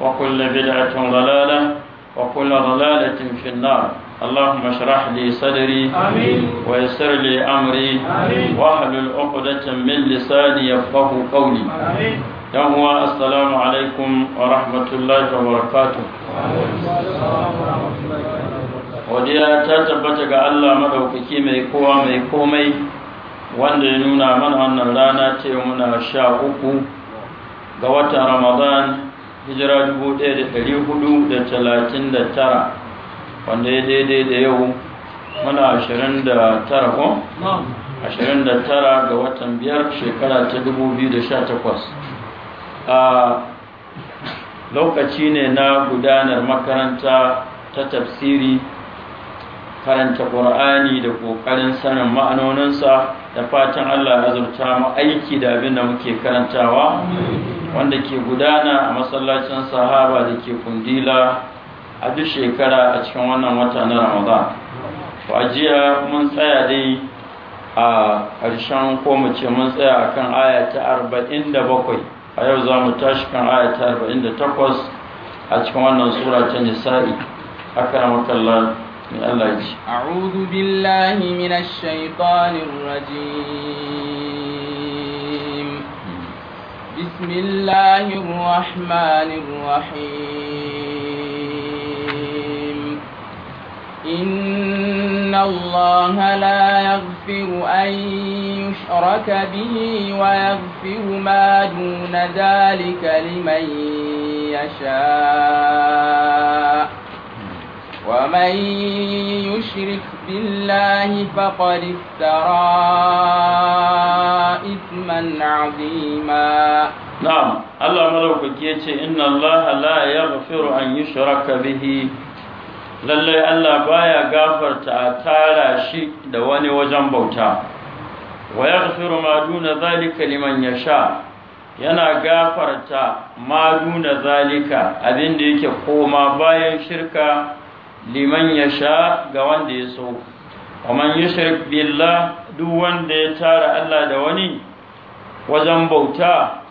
وكل بدعة ضلالة وكل ضلالة في النار اللهم اشرح لي صدري آمين. ويسر لي أمري واحلل عقدة من لساني يفقه قولي آمين. يوم السلام عليكم ورحمة الله وبركاته godiya ta tabbata ga Allah madaukaki mai kowa mai komai wanda ya nuna mana wannan rana ce muna sha uku ga watan Ramadan hijira 1439 wanda ya daidai da yau muna 29 ko? 29 ga watan biyar shekara ta 2018 a lokaci ne na gudanar makaranta ta tafsiri karanta ƙur'ani da ƙoƙarin sanin ma'anoninsa da fatan Allah ya zurta mu aiki da abin da muke karantawa wanda ke gudana a masallacin sahaba da ke kundila a duk shekara a cikin wannan wata na Ramadan to ajiya mun tsaya dai a karshen ko mu ce mun tsaya kan aya ta 47 a yau za mu tashi kan aya ta 48 a cikin wannan sura ta nisa'i akramakallah أعوذ بالله من الشيطان الرجيم بسم الله الرحمن الرحيم إن الله لا يغفر أن يشرك به ويغفر ما دون ذلك لمن يشاء ومن يشرك بالله فقد افترى إثما عظيما نعم الله ملوك يتي إن الله لا يغفر أن يشرك به lallai Allah baya gafarta a tara shi da wani wajen bauta wa ya ma Maduna zalika liman sha yana gafarta Maduna zalika abin da yake koma bayan shirka liman ya sha ga wanda ya so ومن يشرك billah duk wanda ya tara Allah da wani wajen bauta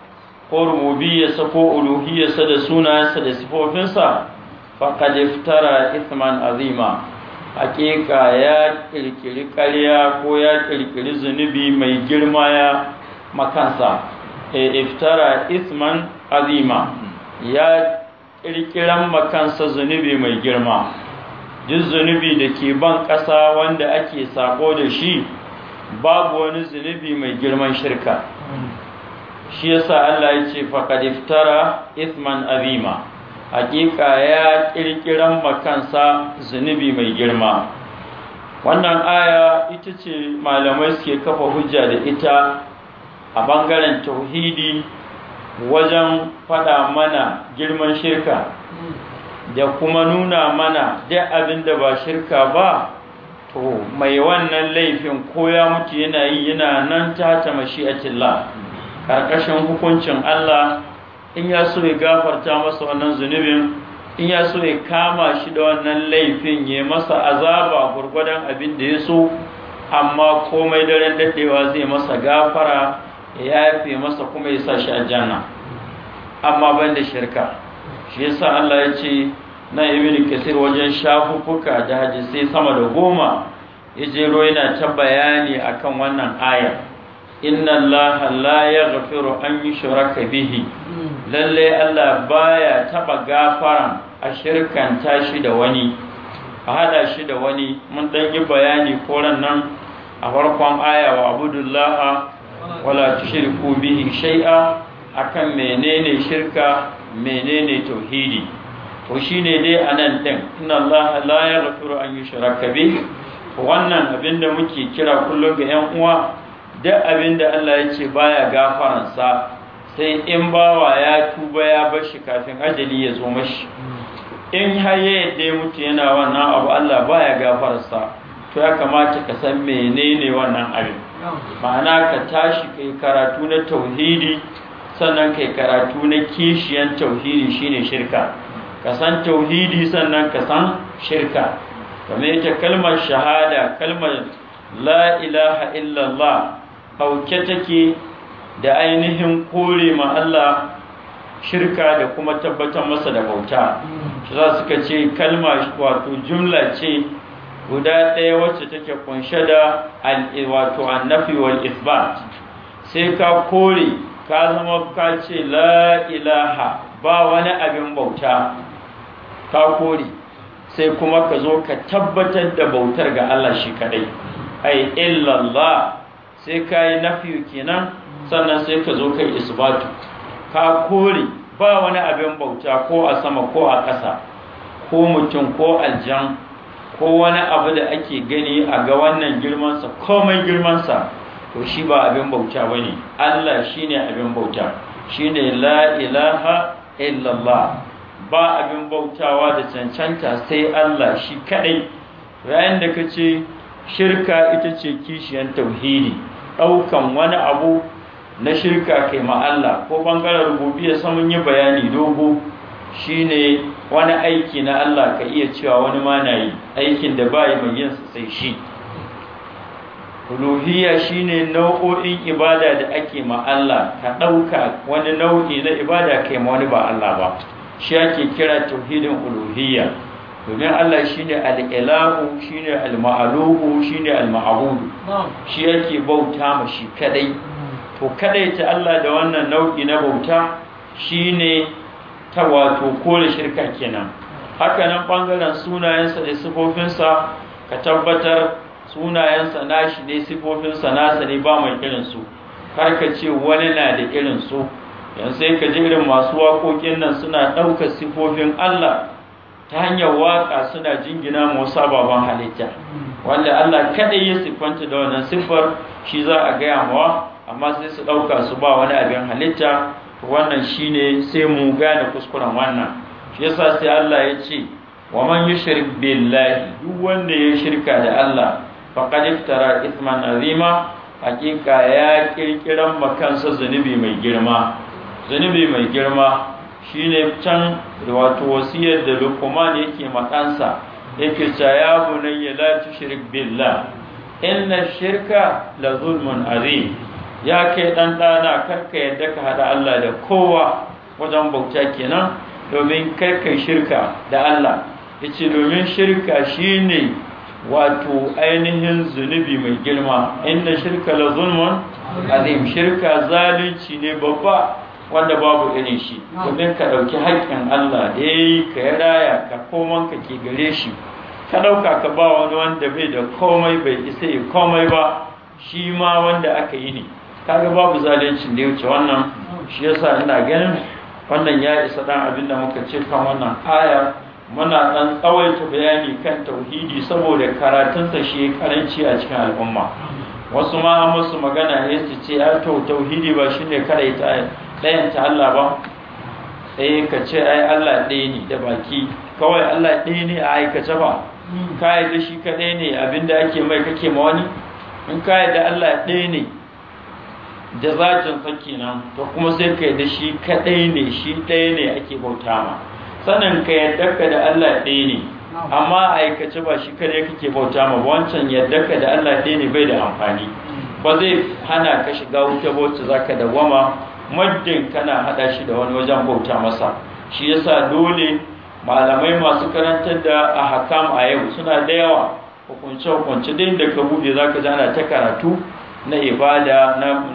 ko rububiyarsa ko uluhiyarsa da sunayensa da sifofinsa faqad iftara ithman azima haƙiƙa ya ƙirƙiri ƙarya ko ya ƙirƙiri zunubi mai girma ya makansa e iftara isman azima ya ƙirƙiran makansa zunubi mai girma duk zunubi da ke ban ƙasa wanda ake sako da shi babu wani zunubi mai girman shirka shi yasa Allah ya ce faqad iftara ithman azima haƙiƙa ya ƙirƙiran makansa zunubi mai girma wannan aya ita ce malamai suke kafa hujja da ita a bangaren tauhidi wajen faɗa mana girman shirka da kuma nuna mana duk abin da ba shirka ba to mai wannan laifin ko ya mutu yana yi yana nan ta a mashi'atillah karkashin hukuncin Allah in ya so ya gafarta masa wannan zunubin in ya so ya kama shi da wannan laifin ya masa azaba gurgudan abin da ya so amma komai daren dadewa zai masa gafara ya yafe masa kuma ya sa shi janna amma ban da shirka shi yasa Allah ya ce na ibn kasir wajen shafuffuka da hadisai sama da goma ya jero yana ta bayani akan wannan aya inna Allah la yaghfiru an yushraka bihi lalle Allah baya taba gafara a shirkanta shi da wani a hada shi da wani mun dan yi bayani ko nan a farkon aya wa abudullaha wala tushriku bihi shay'a akan menene shirka menene tauhidi to shine dai anan din inna Allah la yaghfiru an yushraka bi wannan abinda muke kira kullum ga yan uwa duk da Allah ya ce baya gafaransa sai in bawa ya tuba ya bar shi kafin ajali ya zo mashi in har ya mutu yana wannan abu Allah baya gafaransa to ya kamata ka san menene wannan abin ma'ana ka tashi kai karatu na tauhidi sannan kai karatu na kishiyan tauhidi shine shirka ka san tauhidi sannan ka san shirka kamar yadda kalmar shahada kalmar la ilaha illallah hauke take da ainihin kore ma Allah shirka da kuma tabbatar masa da bauta shi za su ka ce kalma wato jumla ce guda ɗaya wacce take kunshe da wato annafi wal isbat sai ka kore ka zama ka ce la ilaha ba wani abin bauta ka kore sai kuma ka zo ka tabbatar da bautar ga Allah shi kadai ai illallah sai ka yi nafi kenan sannan sai ka zo ka yi isbatu ka kore ba wani abin bauta ko a sama ko a ƙasa ko mutum ko aljan ko wani abu da ake gani a ga wannan girmansa komai girmansa to shi ba abin bauta ba ne Allah shi ne abin bauta shi ne la ilaha illallah ba abin bautawa da cancanta sai Allah shi kaɗai rayan da ka ce shirka ita ce kishiyar tauhidi ɗaukan wani abu na shirka kai ma Allah ko ɓangaren rububiya samun yi bayani dogo shi ne wani aiki na Allah ka iya cewa wani ma yi aikin da ba mai yin sai shi uluhiyya ne nau'o'in ibada da ake ma Allah ka ɗauka wani nau'i na ibada kai ma wani ba Allah ba shi ake kira tauhidin uluhiyya domin Allah shi ne al’ilahu shi ne maaluhu shi ne mabudu shi ake bauta ma shi kadai mm. to kadai ta Allah da wannan nau'i na bauta ne ta wato kore shirka kenan mm. Haka hakanan ɓangaren sunayensa da sifofinsa ka tabbatar Sunayen sunayensa shi ne sifofin nasa ne ba mai irin su kar ka ce wani na da irin su yanzu sai ka ji irin masu waƙoƙin nan suna ɗaukar sifofin Allah ta hanyar waƙa suna jingina musa baban halitta wanda Allah kaɗai ya sifanta da wannan sifar shi za a gaya mawa amma sai su ɗauka su ba wani abin halitta wannan shine sai mu gane kuskuren wannan shi yasa sai Allah ya ce wa man yushrik billahi duk wanda ya shirka da Allah faqad iftara ithman azima hakika ya kirkiran makansa zunubi mai girma zunubi mai girma shine can wato wasiyar da Luqman yake makansa yake cewa ya ya la tushrik billah inna shirka la zulmun azim ya kai dan dana karka yadda ka hada Allah da kowa wajen bauta kenan domin kai ka shirka da Allah yace domin shirka shine wato ainihin zunubi mai girma inna shirka la zulmun azim shirka zalunci ne babba wanda babu irin shi domin ka ɗauki haƙƙin Allah da eh, ya yi ka ya ka koman ka ke gare shi ka ɗauka ka ba wani wanda bai da komai bai isa ya komai ba shi ma wanda aka yi ne kaga babu zalunci da ya wuce wannan shi yasa ina ganin wannan ya isa dan abin da muka ce kan wannan aya muna ɗan tsawaita bayani kan tauhidi saboda karatunsa shi karanci a cikin al'umma wasu ma musu magana ya su ce ai to tauhidi ba shine karaita ɗayan ta Allah ba eh ka ce ai Allah ɗaya ne da baki kawai Allah ɗaya ne a aikace ba ka yi da shi kaɗai ne abinda ake mai kake ma wani in ka da Allah ɗaya ne da zatin sa kenan to kuma sai ka da shi kaɗai ne shi ɗaya ne ake bauta ma sanin ka yadda ka da Allah ɗaya ne amma aikace ba shi kare kake bauta ma wancan yadda ka da Allah ɗaya ne bai da amfani hmm. ba zai hana ka shiga wuta bauta za ka da dawama muddin kana haɗa shi da wani wajen bauta masa shi yasa dole malamai masu karantar da a hakam a yau suna da yawa hukunce hukunce din da ka bude zaka ka ana ta karatu na ibada na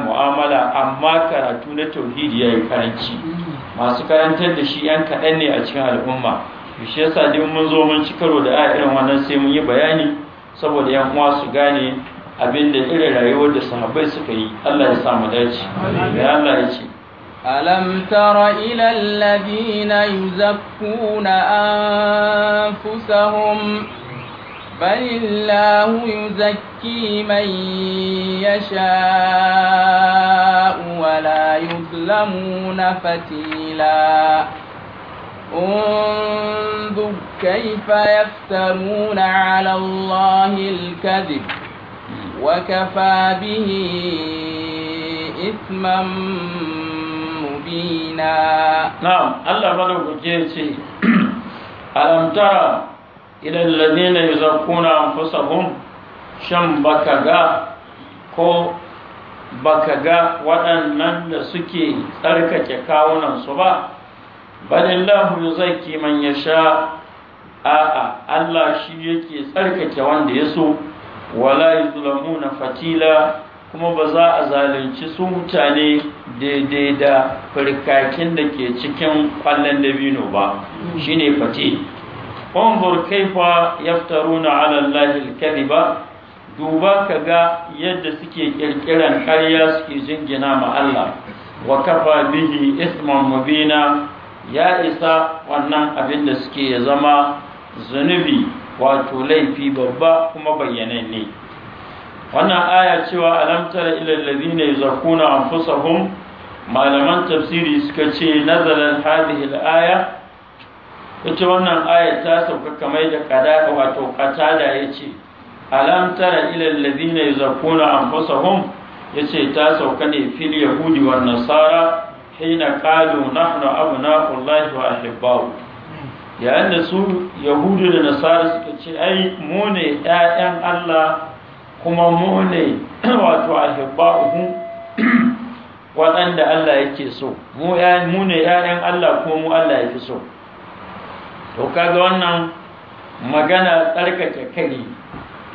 mu'amala amma karatu na tauhidi yayi karanci hmm. masu karantar da shi yan kaɗan ne a cikin al'umma shi yasa duk mun zo mun ci karo da a irin wannan sai mun yi bayani saboda yan uwa su gane abin da irin rayuwar da sahabbai suka yi Allah ya sa mu dace ya Allah ya ce alam tara ila alladhina yuzakkuna anfusahum بل الله يزكي من يشاء ولا يظلمون فتيلا انظر كيف يفترون على الله الكذب وكفى به إثما مبينا نعم الله ملوك جيسي ألم ترى ilal ladina yuzakkuna anfusahum shan baka ga ko baka ga waɗannan da suke tsarkake kawunansu ba zai yuzakki man sha a'a Allah shi yake tsarkake wanda ya so wala yuzlamuna fatila kuma ba za a zalunci su mutane daidai da firkakin da ke cikin kwallon dabino ba shine fati. انظر كيف يفترون على الله الكذب duba ka ga yadda suke kirkiran karya suke jingina ma Allah wa kafa bihi isman mubina ya isa wannan abin da suke zama zunubi wato laifi babba kuma bayyananne wannan aya cewa alam tara ilal ladina yuzakuna anfusahum malaman tafsiri suka ce nazalat hadhihi al-aya ita wannan ayat ta sauka kamar da kadaka wato ya yace alam tara ilal ladina yuzakuna anfusahum yace ta sauka ne fil yahudi wan nasara hina qalu nahnu allah wa ahibba'u ya da su yahudu da nasara suka ce ai mu ne ƴaƴan Allah kuma mu ne wato ahibba'uhu waɗanda Allah yake so mu ne ƴaƴan Allah kuma mu Allah yake so to kaga wannan magana tsarkake kai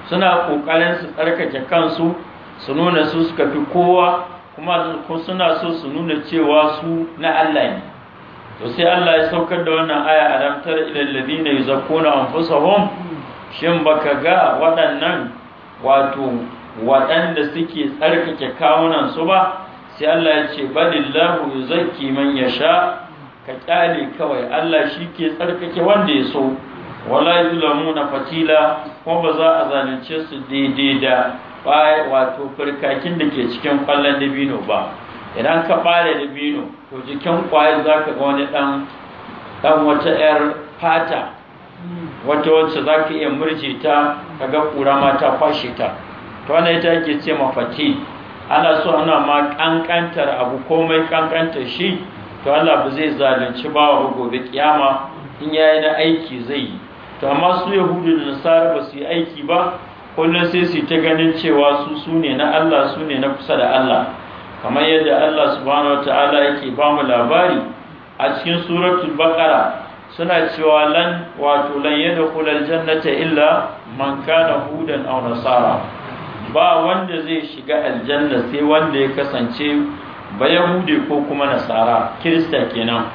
suna ƙoƙarin su tsarkake kansu su nuna su suka fi kowa kuma suna so su nuna cewa su na Allah ne to sai Allah ya saukar da wannan aya alam tara ilal ladina yuzakkuna anfusahum shin baka ga waɗannan wato waɗanda suke tsarkake kawunan su ba sai Allah ya ce balillahu yuzakki man yasha ka kyale kawai Allah shi ke tsarkake wanda ya so wala na fatila kuma ba za a zalunce su daidai da wato farkakin da ke cikin kwallon dabino ba idan ka bare dabino to jikin kwaye za ka ga wani dan dan wata yar fata wata wacce za ka iya murje ta ka ga kura ma ta ta to wannan ita ake ce ma fatil ana so ana ma ƙanƙantar abu komai ƙanƙantar shi to Allah ba zai zalunci ba ba gobe kiyama in yayi na aiki zai yi to amma su yahudu da nasara ba su yi aiki ba kullum sai su ta ganin cewa su su na Allah su ne na kusa da Allah kamar yadda Allah subhanahu wataala yake ba mu labari a cikin suratul baqara suna cewa lan wato lan yadkhulul jannata illa man kana hudan aw nasara ba wanda zai shiga aljanna sai wanda ya kasance ba yahude ko kuma nasara kirista kenan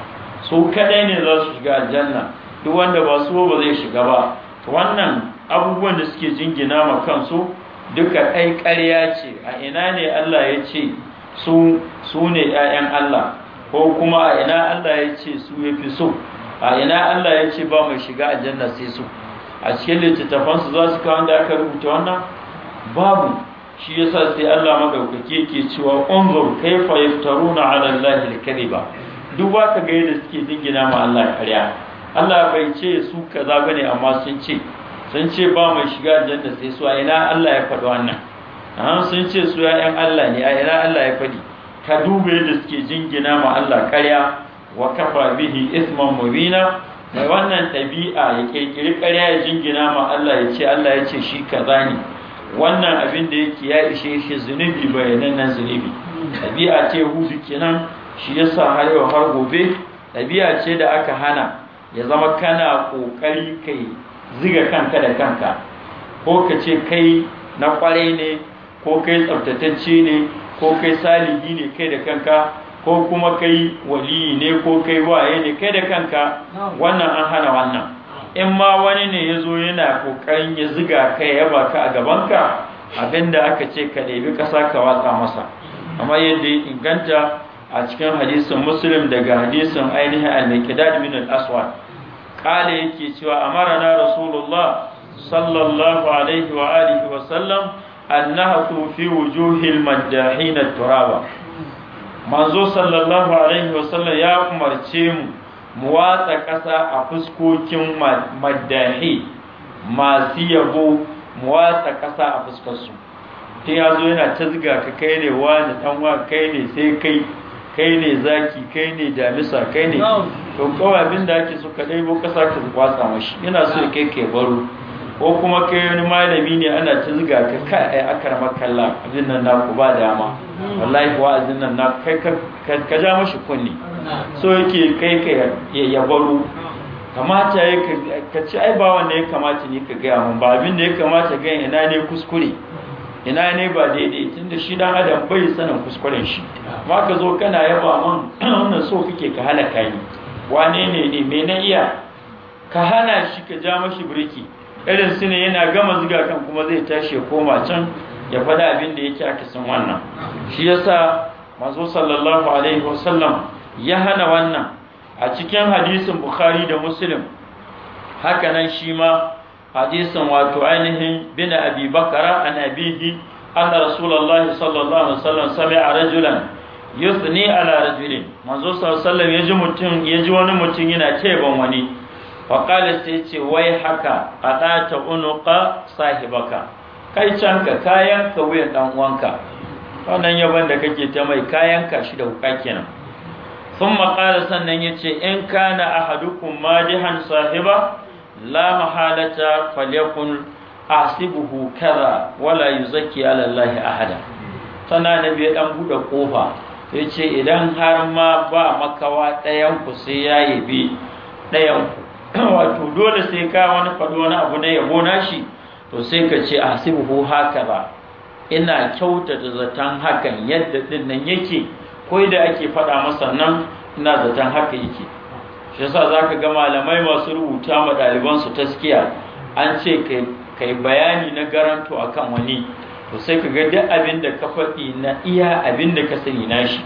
su kadai ne za su shiga aljanna duk wanda ba su ba zai shiga ba wannan abubuwan da suke jingina ma kansu duka ai ƙarya ce a ina ne Allah ya ce su su ne ƴaƴan Allah ko kuma a ina Allah ya ce su yafi so a ina Allah ya ce ba mai shiga aljanna sai su a cikin littattafansu za su kawo da aka rubuta wannan babu shi yasa sai Allah madaukake ke cewa unzur kaifa yaftaruna ala Allahil al-kadhiba duk ba ka ga yadda suke dingina ma Allah kariya Allah bai ce su kaza bane amma sun ce sun ce ba mai shiga aljanna sai su ina Allah ya faɗi wannan an sun ce su ya'yan Allah ne a ina Allah ya faɗi ka duba yadda suke jingina ma Allah kariya wa kafa bihi isman mubina mai wannan ɗabi'a ya ƙirƙiri ya jingina ma Allah ya ce Allah ya ce shi kaza ne wannan abin da yake ya ishe shi zunubi nan zunubi ɗabi'a ce hudu kenan shi yasa har yau har gobe ɗabi'a ce da aka hana ya zama kana ƙoƙari kai ziga kanka da kanka ko ka ce kai na kwarai ne ko kai tsaftatacce ne ko kai salihi ne kai da kanka ko kuma kai waliyi ne ko kai waye ne kai da kanka wannan an hana wannan in ma wani ne ya zo yana kokarin ya ziga kai ya baka a gabanka abinda aka ce ka ɗebi ƙasa ka watsa masa amma yadda ya inganta a cikin hadisin muslim daga hadisin ainihin al-miqdad bin al-aswad kale yake cewa amarana rasulullah sallallahu alaihi wa alihi wa sallam annahatu fi wujuhil madahina turaba manzo sallallahu alaihi wa sallam ya umarce mu muwatsa ƙasa a fuskokin maddahi masu yabo muwatsa ƙasa a fuskarsu ta ya zo yana ta ziga ka kai ne wani ɗanwa kai ne sai kai kai ne zaki kai ne damisa kai ne to kawai abin da ake so ka ɗaibo ƙasa ka watsa mashi yana so ya kai ke baro ko kuma kai wani malami ne ana ta ziga ka kai ai akar makalla azin nan naku ba dama hmm. wallahi kuwa azin nan na kai ka ja mashi kunni hmm. so yake kai ka ya baro kamata ya ka ci ai ba wanda ya kamata ne ka gaya mun ba abin da ya kamata gaya ina ne kuskure ina ne ba daidai tunda shi dan adam bai sanin kuskuren shi hmm. ma ka zo kana yaba mun wannan so kake ka halaka ni wane ne ne me na iya ka hana shi ka ja mashi birki irin su ne yana gama zuga kan kuma zai tashi ya koma can ya faɗa abin da yake akasin wannan shi yasa mazo sallallahu alaihi wasallam ya hana wannan a cikin hadisin bukhari da muslim haka nan shi ma hadisin wato ainihin bin abi bakara an abihi anna rasulullahi sallallahu alaihi wasallam sami'a rajulan yusni ala rajulin manzo sallallahu alaihi wasallam yaji mutum yaji wani mutum yana ce ban wani faƙali sai ce wai haka a ta unuka sahibaka kai can ka kayan ka wuya ɗan uwanka wannan yaban da kake ta mai kayan ka shi da wuka kenan sun maƙala sannan ya ce in kana ahadukum madihan sahiba la mahalata falyakun asibuhu kaza wala yi ala allahi ahada sana nabi ya dan bude kofa yace idan har ma ba makawa ɗayan ku sai ya yabi ɗayan ku wato dole sai ka wani faɗo wani abu na yabo nashi to sai ka ce a sibuhu haka ba ina kyautata zaton hakan yadda din yake ko da ake faɗa masa nan ina zaton haka yake shi yasa zaka ga malamai masu rubuta ma ɗaliban su taskiya an ce kai bayani na garanto akan wani to sai ka ga duk abin da ka faɗi na iya abin da ka sani nashi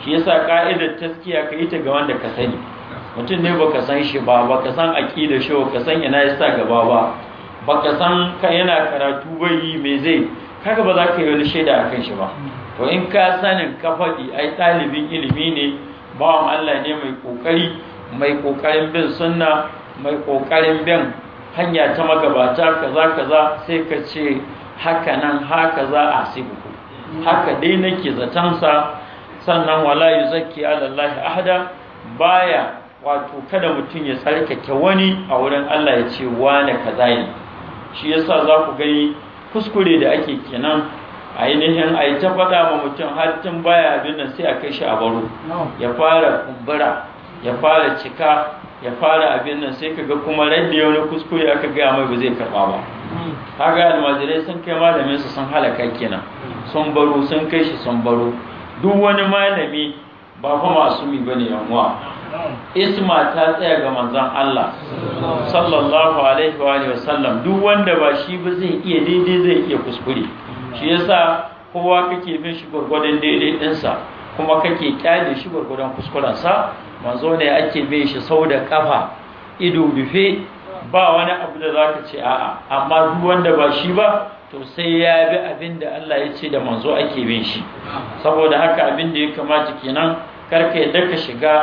shi yasa ka'idar taskiya ka yi ta ga wanda ka sani mutum ne baka san shi ba baka san aqida shi ka san ina ya sa gaba ba baka san ka yana karatu bai me zai kaga ba za ka yi wani shaida akan shi ba to in ka sanin ka faɗi ai ɗalibin ilimi ne bawan Allah ne mai ƙoƙari, mai ƙoƙarin bin sunna mai ƙoƙarin bin hanya ta magabata kaza kaza sai ka ce haka nan haka za a sibu haka dai nake zatansa sannan wala yuzakki ala Allah ahada baya wato kada mutum ya tsarkake wani a wurin Allah ya ce wane kaza ne shi yasa za ku gani kuskure da ake kenan ainihin a yi ta faɗa ma mutum har tun baya abin nan sai a kai shi a baro ya fara kumbura ya fara cika ya fara abin nan sai kaga kuma radda ya wani kuskure aka gaya mai ba zai karɓa ba kaga almajirai sun kai malamin su sun halaka kenan sun baro sun kai shi sun baro duk wani malami ba fa masumi bane ne, isma ta tsaya ga manzon Allah sallallahu alaihi wa alihi wasallam duk wanda ba shi ba zai iya daidai zai iya kuskure shi yasa kowa kake bin shi gurgurdan daidai dinsa kuma kake kyale shi gurgurdan kuskuren sa manzo ne ake bin shi sau da kafa ido rufe ba wani abu da zaka ce a'a amma duk wanda ba shi ba to sai ya bi abin da Allah ya ce da manzo ake bin shi saboda haka abin da ya kamata kenan karka yadda ka shiga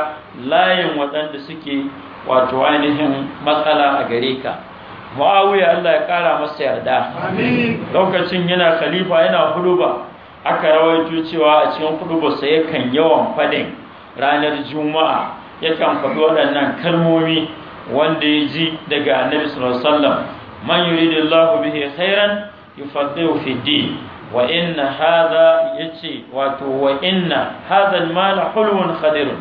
layin waɗanda suke wato ainihin matsala a gare ka muawiya Allah ya kara masa yarda lokacin yana khalifa yana ba aka rawaito cewa a cikin hudubarsa yakan yawan faɗin. ranar juma'a yakan faɗi waɗannan kalmomi wanda ya ji daga annabi sallallahu alaihi wasallam man yuridillahu bihi khairan yufaqihu fi din wa inna hadha yace wato wa inna hadha al-mal hulwun khadirun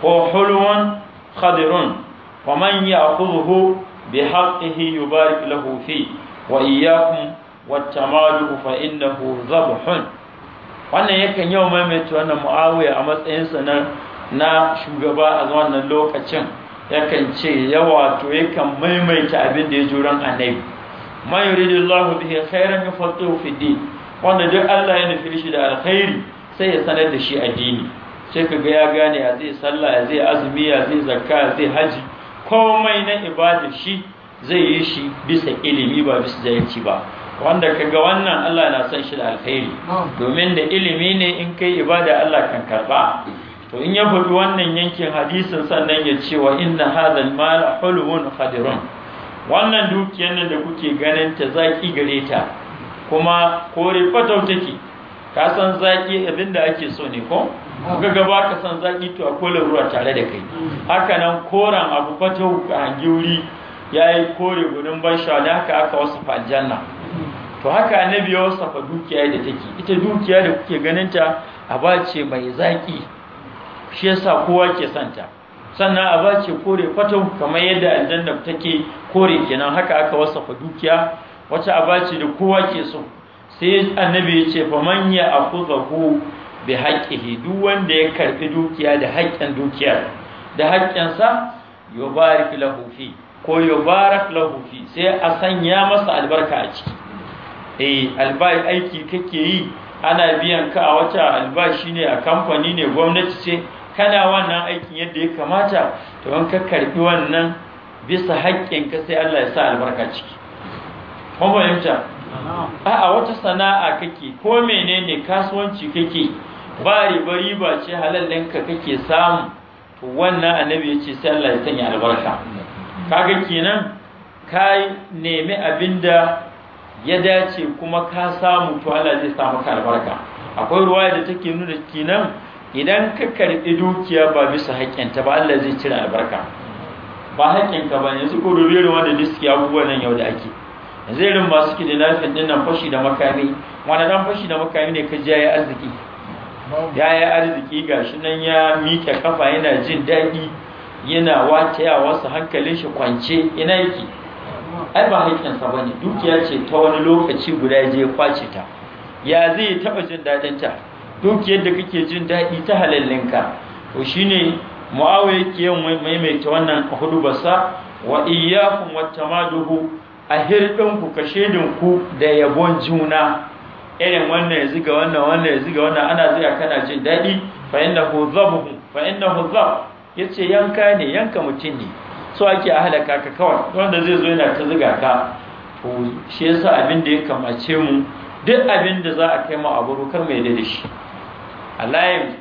ko hulwun khadirun wa man ya'khudhuhu bi haqqihi yubarik lahu fi wa iyyakum والتمالك فإنه ذبح wannan yakan yau maimaita wannan mu'awiya a matsayinsa na na shugaba a wannan lokacin yakan ce yawa to yakan maimaita abin da ya juran annabi yuridu Allahu bihi khairan yufaqihu fi din wanda duk Allah ya nufi shi da alkhairi sai ya sanar da shi addini sai ka ga ya gane ya zai sallah ya zai azumi ya zai zakka ya zai haji komai na ibada shi zai yi shi bisa ilimi ba bisa jahilci ba wanda ka ga wannan Allah na san shi da alkhairi domin da ilimi ne in kai ibada Allah kan karba to in ya faɗi wannan yankin hadisin sannan ya ce wa inna hadha al-mal hulwun khadirun wannan dukiyar nan da kuke ganin ta zaki gare ta kuma kore fatau take ka san zaki abinda ake so ne ko kuka gaba ka san zaki to akwai larura tare da kai haka nan koren abu fatau a hangi wuri ya yi kore gudun ban sha da haka aka wasu aljanna to haka annabi ya fa dukiya da take ita dukiya da kuke ganin ta a bace mai zaƙi shi yasa kowa ke santa sannan a ba ce kore kwatau kamar yadda aljanna take kore kenan haka aka wasafa dukiya wacce a ce da kowa ke so sai annabi ya ce fa man ya akhuzahu bi haqqihi duk wanda ya karɓi dukiya da haƙƙin dukiya da haƙƙinsa yubarik lahu fi ko yubarak lahu fi sai a sanya masa albarka a ciki eh albai aiki kake yi ana biyan ka a wata albashi ne a kamfani ne gwamnati ce kana wannan aikin yadda ya kamata to in ka karbi wannan bisa haƙƙin ka sai Allah ya sa albarka ciki kun fahimta a'a wata sana'a kake ko menene kasuwanci kake ba riba riba ce halallin ka kake samu to wannan annabi ya ce sai Allah ya sanya albarka kaga kenan ka nemi abinda ya dace kuma ka samu to Allah zai samu maka albarka akwai ruwaya da take nuna kenan idan ka karɓi dukiya ba bisa haƙƙinta ba Allah zai cire albarka ba haƙƙinka ba yanzu ko dubi irin wanda diski abubuwan nan yau da ake yanzu irin masu da lafiyar ɗin nan fashi da makami wani dan fashi da makami ne ka ji ya yi arziki ya yi arziki ga shi nan ya miƙe kafa yana jin daɗi yana wataya wasu hankalin shi kwance ina yake ai ba haƙƙinsa ba ne dukiya ce ta wani lokaci guda je kwace ta ya zai taɓa jin daɗin ta Duk yadda kake jin daɗi ta halallinka to shine muawiya yake yin maimaita wannan hudubarsa wa iyyakum wattamaduhu a hirdinku ka ku da yabon juna irin wannan ya ziga wannan wannan ya ziga wannan ana zuwa kana jin daɗi fa innahu zabuhu fa innahu zab yace yanka ne yanka mutum ne so ake a halaka ka kawai wanda zai zo yana ta ziga ka to shi yasa abin da ya kamace mu duk abin da za a kai mu a kar mai da shi alayin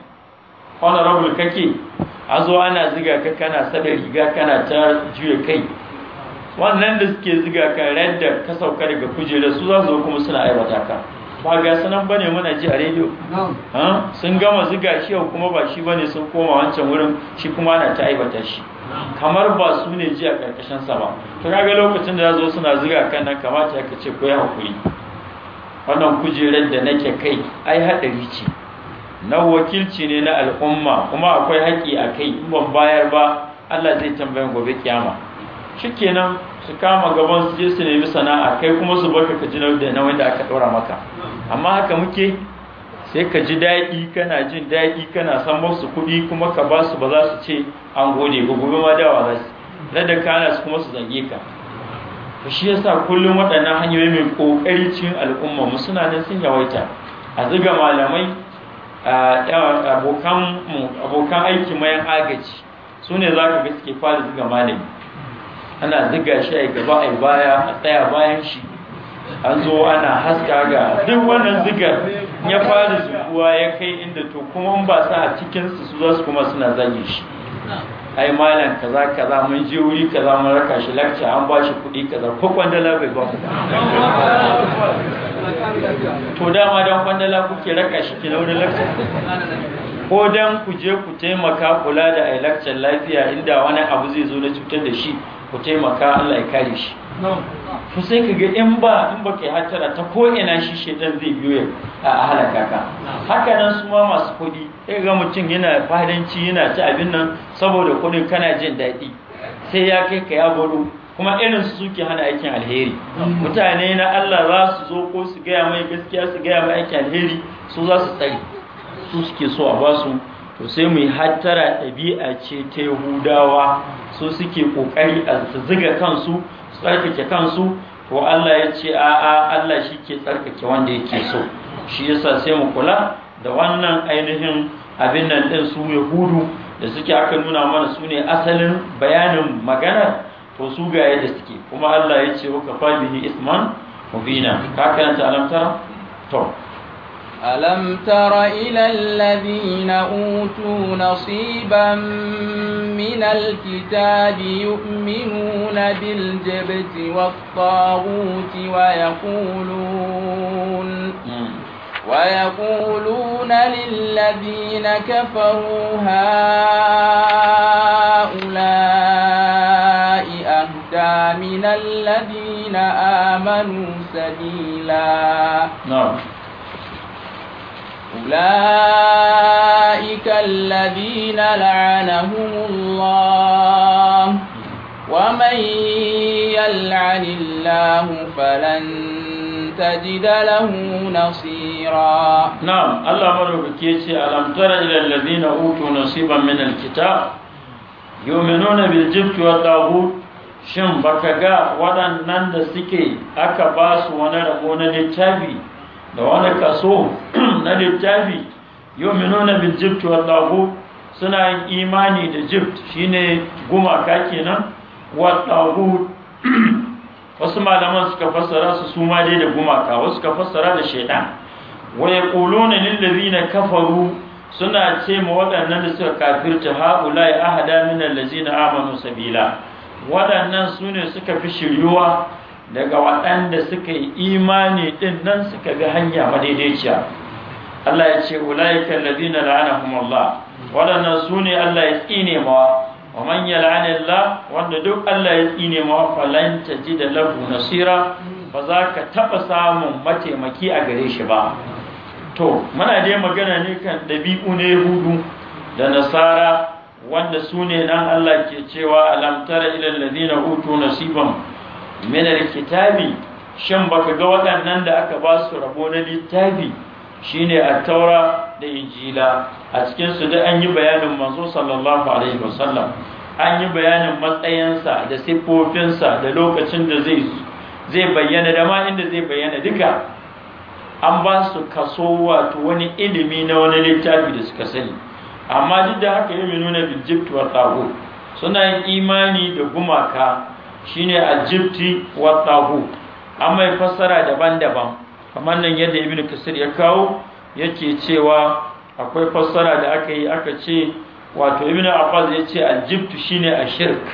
honorable kake a zo ana ziga ka kana sada riga kana ta juya kai wannan da suke ziga ka ka sauka daga kujerar su za su zo kuma suna aibata ka ba ga sanan bane muna ji a rediyo sun gama ziga shi yau kuma ba shi bane sun koma wancan wurin shi kuma ana ta aibata shi kamar ba su ne ji a karkashin sa ba to kaga lokacin da za zo suna ziga kan nan kamata ka ce ko ya hakuri wannan kujerar da nake kai ai hadari ce na wakilci ne na al'umma kuma akwai haƙi a kai in ban bayar ba Allah zai tambayan gobe kiyama shikenan su kama gaban su je su nemi sana'a kai kuma su barka ka ji nauyi na wanda aka ɗora maka amma haka muke sai ka ji daɗi kana jin daɗi kana san musu kuɗi kuma ka ba su ba za su ce an gode ba gobe ma dawa za su da kana su kuma su zange ka to shi yasa kullum waɗannan hanyoyi mai kokari cikin al'umma mu suna nan sun yawaita a zuga malamai abokan aiki mayan agaji su ne za ka ga suke fara ziga malami ana ziga shi a gaba a baya a tsaya bayan shi an zo ana haska ga duk wannan zigar ya fara zuwa ya kai inda to kuma ba sa a cikinsu su za su kuma suna zage shi ai malam kaza kaza mun je wuri kaza mun raka shi lakca an ba shi kuɗi kaza ko kwandala bai ba ku to dama dan kwandala kuke raka shi ki launa lakca ko dan ku je ku taimaka kula da ai lakcan lafiya inda wani abu zai zo na cutar da shi ku taimaka Allah ya kare shi Ku sai ka ga in ba in ba kai hatara ta ko ina shi shedan zai biyo a halaka ka haka nan su ma masu kuɗi sai ga mutum yana fadanci yana ci abin nan saboda kuɗin kana jin daɗi sai ya kai ka ya baro kuma irin su suke hana aikin alheri mutane na Allah za su zo ko su gaya mai gaskiya su gaya mai aikin alheri su za su tsare su suke so a basu to sai mu yi hattara ɗabi'a ce ta yahudawa su suke ƙoƙari a ziga kansu tsarkake kansu to Allah ya ce a'a Allah shi ke tsarkake wanda yake so shi yasa sai mu kula da wannan ainihin abin nan ɗin su yahudu da suke aka nuna mana su ne asalin bayanin magana to su ga yadda suke kuma Allah ya ce wa kafa bihi isman mubina ka karanta alamtara to ألم تر إلى الذين أوتوا نصيبا من الكتاب يؤمنون بالجبت والطاغوت ويقولون ويقولون للذين كفروا هؤلاء أهدى من الذين آمنوا سبيلا نعم أولئك الذين لعنهم الله ومن يلعن الله فلن تجد له نصيرا نعم الله مبارك يتي ألم تر إلى الذين أوتوا نصيبا من الكتاب يؤمنون بالجبت والطاغوت shin baka ga waɗannan da suke aka ba su wani rabo na littafi da wani kaso na littafi yu'minuna min jibt wa suna yin imani da jibt shine gumaka kenan wa wasu malaman suka fassara su suma dai da gumaka wasu suka fassara da shaidan wa yaquluna lil ladina kafaru suna ce ma waɗannan da suka kafirta haula ya ahada min allazina amanu sabila waɗannan su ne suka fi shiryuwa daga waɗanda suka yi imani ɗin nan suka ga hanya madaidaiciya Allah ya ce ulaiikal ladina la'anahumullah waɗannan su ne Allah ya tsine mawa wa man yal'anillah wanda duk Allah ya tsine mawa ji da lahu nasira ba za ka taɓa samun mataimaki a gare shi ba to muna dai magana ne kan ɗabi'u ne hudu da nasara wanda su ne nan Allah ke cewa alamtara ilal ladina utu nasiban minar kitafi, shan baka ga waɗannan da aka ba su rabo na littafi shine at-taura da injila a cikin su da an yi bayanin manzo sallallahu alaihi wasallam an yi bayanin matsayinsa da siffofinsa da lokacin da zai bayyana da ma inda zai bayyana duka an ba su kaso wato wani ilimi na wani littafi da suka sani amma duk da haka yi nuna biljibtuwar Sago suna yin imani da gumaka shine aljibti wa tahu an mai fassara daban-daban kamar nan yadda ibnu kasir ya kawo yake cewa akwai fassara da aka yi aka ce wato ibnu abbas ya ce aljibtu shine ashirk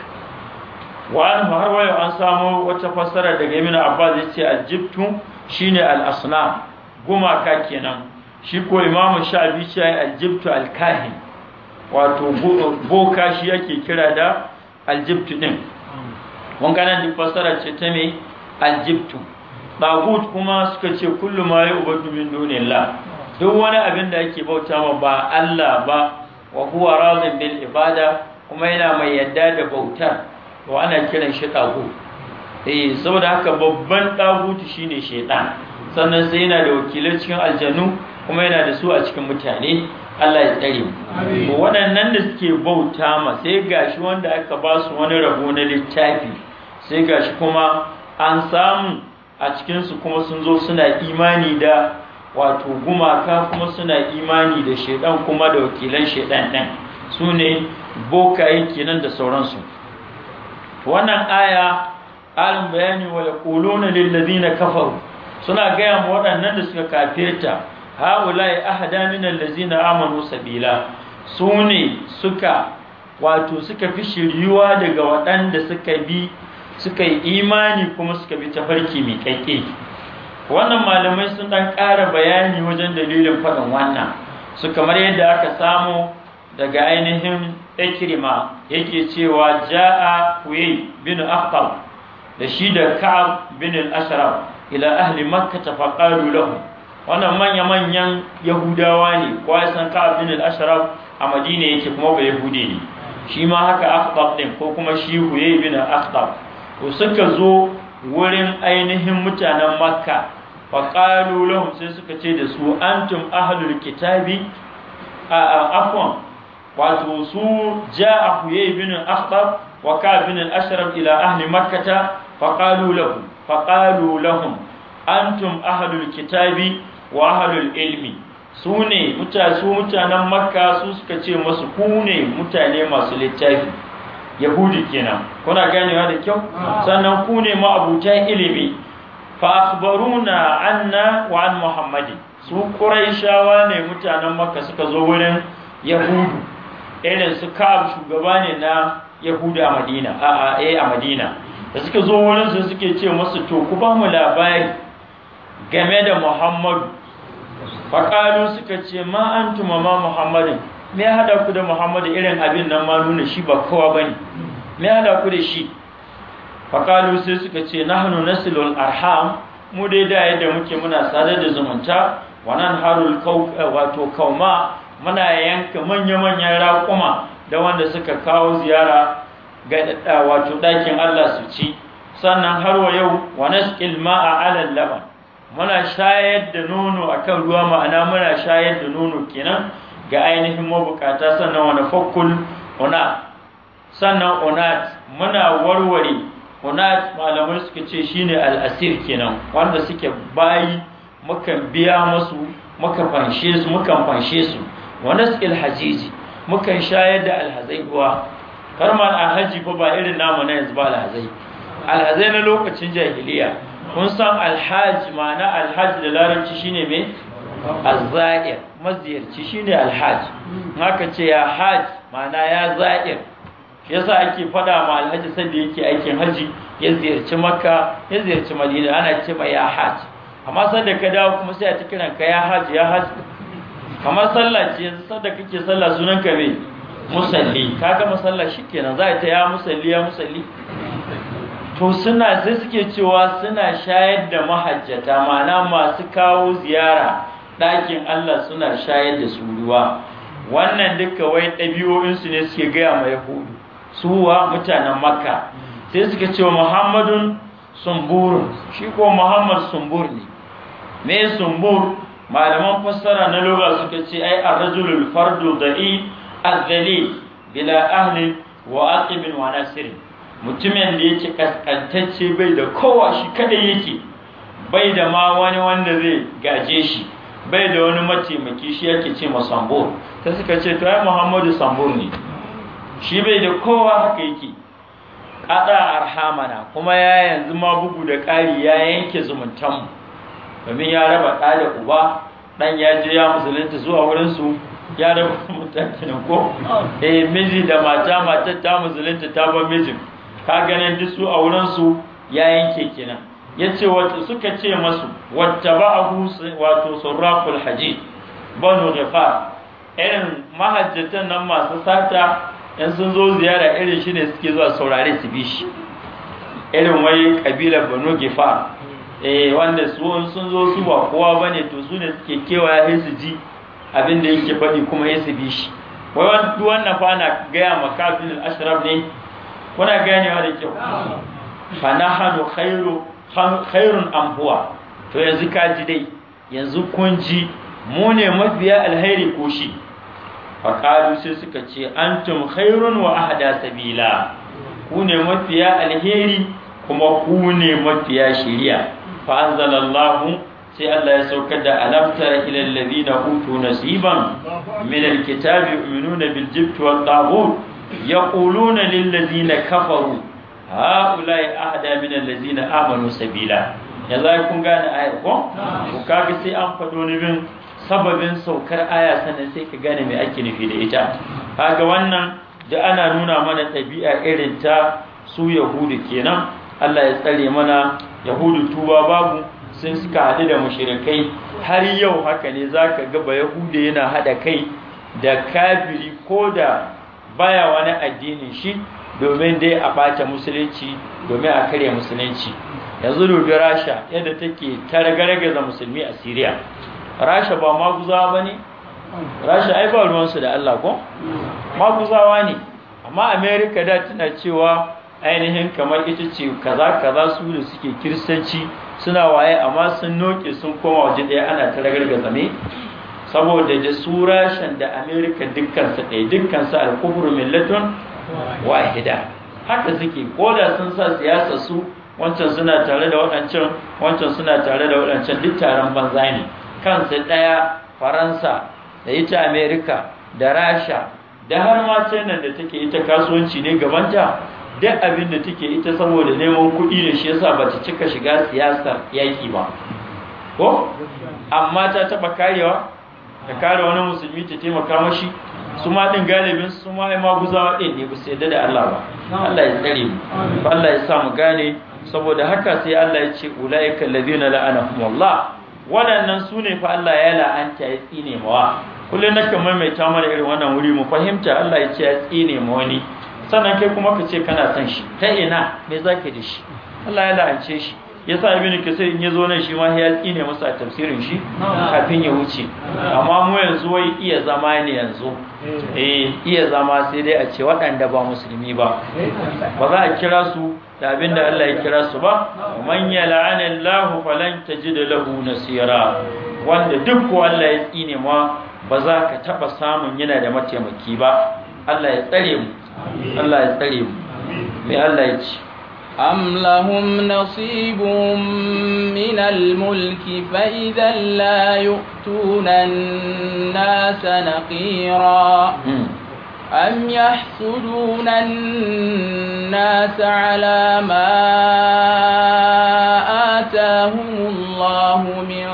wa an har wayo an samu wata fassara daga ibnu abbas ya ce aljibtu shine al-asnam gumaka kenan shi ko imamu sha'bi ce aljibtu al-kahin wato boka shi yake kira da aljibtu din mun ganin din fasara ce ta me aljibtu tagut kuma suka ce kullu ma yu'badu min dunillah duk wani abin da ake bauta ma ba Allah ba wa huwa razin bil ibada kuma yana mai yadda da bautar to ana kiran shi tagut eh saboda haka babban dagutu shine shaytan sannan sai yana da wakilai cikin aljanu kuma yana da su a cikin mutane Allah ya tsare mu waɗannan da suke bauta ma sai gashi wanda aka ba su wani rabo na littafi sai gashi kuma an samu a cikinsu kuma sun zo suna imani da wato gumaka kuma suna imani da shaidan kuma da wakilan shaidan ɗin su ne bokaye kenan da sauransu wannan aya alin bayani wa na Lillazi na kafaru suna gaya ma waɗannan da suka kafirta haulai ahada min na amanu sabila su ne suka wato suka fi shiryuwa daga waɗanda suka bi suka yi imani kuma suka bi tafarki mai kaike wannan malamai sun dan ƙara bayani wajen dalilin faɗin wannan su kamar yadda aka samu daga ainihin ikirma yake cewa ja'a Kuyai, bin afqal da shi da ka'ab bin al-ashraf ila ahli makka tafaqalu lahu wannan manya manyan yahudawa ne ya san ka'ab bin al-ashraf a madina yake kuma ba yahudi ne shi ma haka afqal din ko kuma shi Kuyai, bin afqal to suka zo wurin ainihin mutanen makka faƙalu lahum sai suka ce da su antum ahlul kitabi a afwan wato su ja'a huyay bin akhtab wa ka bin al ila ahli makkata faqalu lahum faqalu lahum antum ahlul kitabi wa ahlul ilmi su ne mutanen makka su suka ce masu ku ne mutane masu littafi yahudi kenan kuna ganewa da kyau ah. sannan ku ne ma'abutan ilimi fa akhbaruna anna wa an muhammadin su quraishawa ne mutanen makka suka zo wurin yahudu irin su ka'ab shugaba ne na yahuda a madina a a a madina da suka zo wurin su suke ce masu to ku ba mu labari game da muhammadu faƙalu suka ce ma antuma tumama muhammadin me ya hada ku da Muhammadu irin abin nan ma nuna shi ba kowa bane me ya hada ku da shi faqalu sai suka ce nahnu nasilul arham mu dai da yadda muke muna sadar da zumunta wa nanharul eh, wato kauma muna yanka manya manyan raƙuma da wanda suka kawo ziyara ga eh, wato ɗakin Allah su ci sannan har wa yau wa nasqil ma'a 'ala laban muna shayar da nono akan ruwa ma'ana muna shayar da nono kenan ga ainihin mabukata sannan wani fakul una sannan unat muna warware unat malamai suka ce shine al'asir kenan wanda suke bayi mukan biya musu muka fanshe su mukan fanshe su suke nasqil hajiji mukan shayar da alhazai kuwa. har ma alhaji fa ba irin namu na yanzu ba alhazai alhazai na lokacin jahiliya kun san alhaji ma'ana alhaji da larabci shine me azza'ir maziyarci shine alhaji haka ce ya haji ma'ana ya za'ir yasa ake fada ma alhaji sanda yake aikin haji ya ziyarci makka ya ziyarci madina ana ce ma ya haji amma sanda ka dawo kuma sai a ta kiran ka ya haji ya haji kamar sallah ce yanzu sanda kake sallah sunan ka me musalli kaga masalla shikenan za ta ya musalli ya musalli to suna sai suke cewa suna shayar da mahajjata ma'ana masu kawo ziyara ɗakin Allah suna shayar da su ruwa wannan duka wai ɗabi'o'insu ne suke gaya ma yahudu wa mutanen makka sai suka ce wa muhammadun sumbur shi ko muhammad sumbur ne me sumbur malaman fassara na loga suka ce ai ar-rajulul fardu da'i az bila ahli wa aqibin wa nasirin mutumin da yake kaskantacce bai da kowa shi kada yake bai da ma wani wanda zai gaje shi bai da wani mataimaki shi yake ce ma sambur ta suka ce to ai muhammadu sambur ne shi bai da kowa haka yake kada arhamana kuma ya yanzu ma bugu da ƙari ya yanke zumuntanmu domin ya raba ɗa uba ɗan ya je ya musulunta zuwa wurinsu ya raba mutane nan ko eh miji da mata mata ta musulunta ta ba mijin ka ganin duk su a wurinsu ya yanke kenan Ya ce wato suka ce masu wattaba'ahu wato surraqul hajij banu ghifar irin mahajjatan nan masu sata in sun zo ziyara irin shi ne suke zuwa saurare su bi shi irin wai kabilar banu ghifar eh wanda su sun zo su ba kowa bane to su ne suke kewaya sai su ji abin da yake faɗi kuma sai su bi shi wai wannan fa ana gaya ma kafin ashraf ne kuna ganewa da kyau fa nahnu khairu khairun am to yanzu ka ji dai yanzu kun ji mu ne mafiya alheri ko shi faƙalu sai suka ce antum khairun wa ahada sabila ku ne mafiya alheri kuma ku ne mafiya shiriya fa anzalallahu sai Allah ya saukar da alamtara ila alladhina utu nasiban min alkitabi yu'minuna bil jibt wal taghut yaquluna lil ladina kafaru haulai ahda min allazina amanu sabila ya za kun gane ayar ko ku kaga sai an fado ni bin sababin saukar aya sannan sai ka gane me ake nufi da ita kaga wannan da ana nuna mana ɗabi'a irin ta su yahudu kenan Allah ya tsare mana yahudu tuba babu sun suka haɗu da mushirikai har yau haka ne zaka ga ba yahudu yana haɗa kai da kafiri ko da baya wani addinin shi domin dai a ɓata musulunci domin a karya musulunci yanzu dubi rasha yadda take targargaza musulmi a siriya rasha ba maguzawa ba ne rasha ai ba ruwansu da allah ko maguzawa ne amma america da tana cewa ainihin kamar ita ce kaza kaza su da suke kiristanci suna waye amma sun noke sun koma waje ɗaya ana ta ne saboda da su rashin da amerika dukkansa ɗaya dukkansa alkufur millatun wahida haka suke koda sun sa siyasa su wancan suna tare da waɗancan wancan suna tare da waɗancan duk taron banza ne kansu ɗaya faransa da ita amerika da rasha da har ma china da take ita kasuwanci ne gabanta duk abin da take ita saboda neman kuɗi da shi yasa ba ta cika shiga siyasar yaki ba ko amma ta taɓa karewa ta kare wani musulmi ta taimaka mashi su ma din galibin su ma ai maguzawa din ne ba su yadda da Allah ba Allah ya tsare mu Allah ya sa mu gane saboda haka sai Allah ya ce ulaika allazina la'anahum Allah waɗannan su ne fa Allah ya la'anta ya tsine mawa kullum na kan maimaita mana irin wannan wuri mu fahimta Allah ya ce ya tsine ma wani sannan kai kuma ka ce kana son shi ta ina me zaka da shi Allah ya la'ance shi Ya sa yasa ka sai in zo nan shi ma ya tsine masa tafsirin shi kafin ya wuce amma mu yanzu wai iya zama ne yanzu eh iya zama sai dai a ce waɗanda ba musulmi ba ba za a kira su da abin da Allah ya kira su ba man la'ana Allah falan tajid lahu nasira wanda duk ko Allah ya tsine ma ba za ka taba samun yana da mataimaki ba Allah ya tsare mu Allah ya tsare mu mai Allah ya ci أم لهم نصيب من الملك فإذا لا يؤتون الناس نقيرا أم يحسدون الناس على ما آتاهم الله من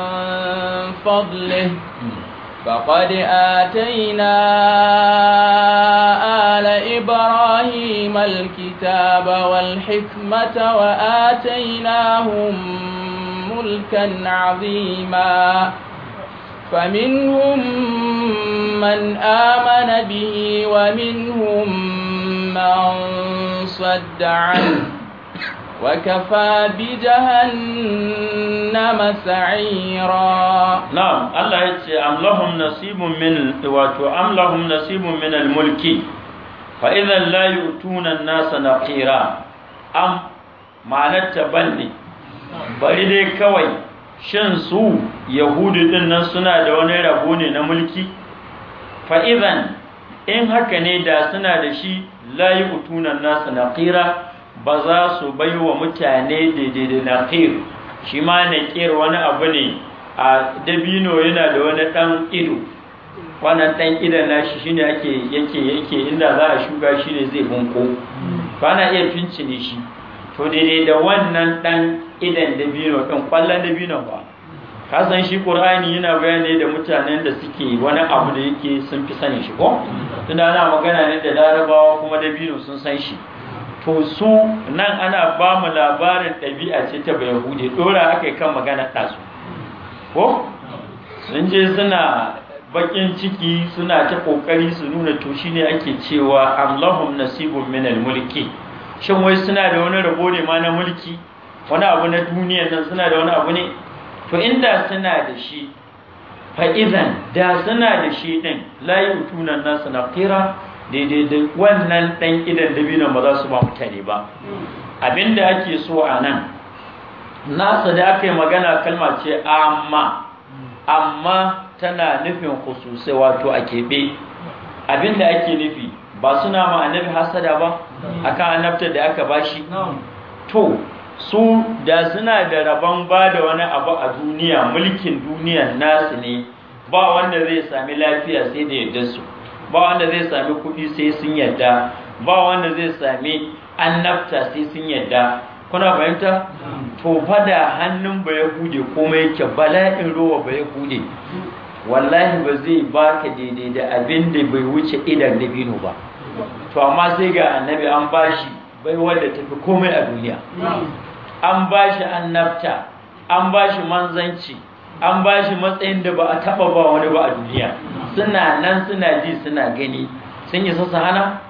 فضله فقد آتينا آل إبراهيم الكتاب الكتاب والحكمة وآتيناهم ملكا عظيما فمنهم من آمن به ومنهم من صد عنه وكفى بجهنم سعيرا نعم الله يتي أم لهم نصيب من واتو أم لهم نصيب من الملك fa idan la yutuna nasa naqira am ma'anar taballi bari dai kawai shin su yahudu din nan suna da wani rabo ne na mulki fa idan in haka ne da suna da shi la yutuna nasa naqira ba za su bai wa mutane daidai da naqir shi ma naqir wani abu ne a dabino yana da wani dan ido wannan ɗan idan nashi shine ake yake yake inda za a shuka shi ne zai bunko ba na iya fincine shi to daidai da wannan ɗan idan dabino ɗin ƙwallon dabino ba ka san shi ƙur'ani yana bayani da mutanen da suke wani abu da yake sun fi sanin shi ko tunda ana magana ne da larabawa kuma dabino sun san shi to su nan ana ba mu labarin ɗabi'a ce ta bayahude ɗora aka yi kan magana ɗazu ko sun je suna bakin ciki suna ta kokari su nuna to shine ake cewa Allahum nasibun minal mulki shin wai suna da wani rabo ne ma na mulki wani abu na duniya nan suna da wani abu ne to inda suna da shi fa idan da suna da shi din la yutuna nasu naqira daidai da wannan dan idan dabinan ba za su ba mutane ba abinda ake so a nan nasu da aka yi magana kalma ce amma amma tana nufin khususai wato a keɓe abinda ake nufi ba suna ma annabi hasada ba akan annabtar da aka bashi to su da suna da rabon ba da wani abu a duniya mulkin duniyan nasu ne ba wanda zai sami lafiya sai da yadda su ba wanda zai sami kuɗi sai sun yadda, ba wanda zai sami annabta sai sun yadda. kuna fahimta to fada hannun ba ya hude komai yake bala'in ruwa ba ya hude wallahi ba zai baka daidai da abin da bai wuce idan dabino ba to amma sai ga annabi an bashi bai wanda tafi komai a duniya an bashi annabta an bashi manzanci an bashi matsayin da ba a taba ba wani ba a duniya suna nan suna ji suna gani sun yi sassa hana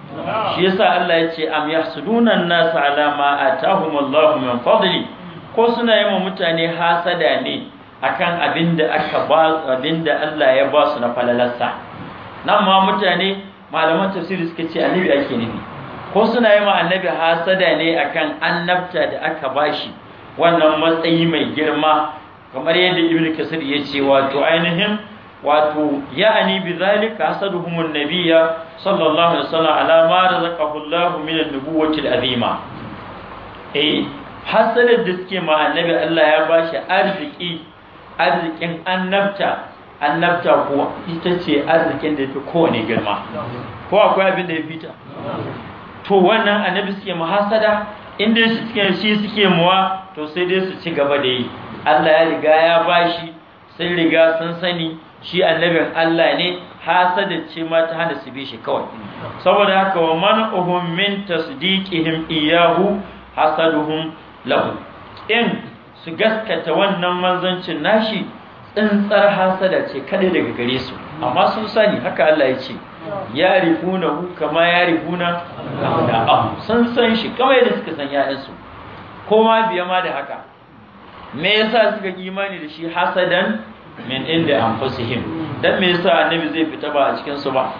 shi yasa Allah ya ce am yahsuduna an-nas ala ma atahum Allah min fadli ko suna yi wa mutane hasada ne akan abinda aka ba abinda Allah ya ba su na falalarsa nan ma mutane malaman tafsiri suka ce annabi ake nufi ko suna yi ma annabi hasada ne akan annabta da aka ba shi wannan matsayi mai girma kamar yadda ibnu kasir ya ce wato ainihin wato ya'ani bi zalika hasaduhumun nabiyya sallallahu alaihi wasallam ala ma razaqahu Allah min an-nubuwwati al-azima eh hasadar da suke ma annabi Allah ya bashi arziki arzikin annabta annabta ko ita ce arzikin da yake kowane girma ko akwai abin da ya fita to wannan annabi suke ma hasada inda suke shi suke muwa to sai dai su ci gaba da yi Allah ya riga ya bashi sun riga sun sani shi annabin Allah ne hasada ce mata ta hana su bi shi kawai saboda haka wa uhum min tasdiqihim iyahu hasaduhum lahu in su gaskata wannan manzancin nashi tsintsar hasada ce kada daga gare su amma sun sani haka Allah ya ce ya rifuna hu kama ya rifuna abu sun san shi kama yadda suka san ya'yansu ko ma biya ma da haka me yasa suka imani da shi hasadan min inda anfusihim dan me yasa annabi zai fita ba a cikin su ba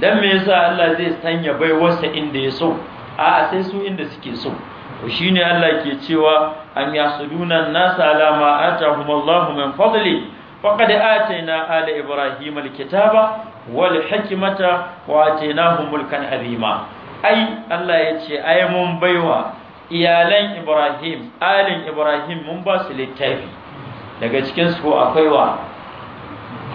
dan me yasa Allah zai sanya baiwarsa inda ya so a sai su inda suke so to shine Allah ke cewa am yasuduna an-nasa ala ma atahum Allah min fadli faqad atayna ala ibrahim al-kitaba wal hikmata wa atainahum mulkan azima ai Allah ya ce ai mun baiwa iyalan Ibrahim alin Ibrahim mun ba su littafi daga cikinsu ko akwai wa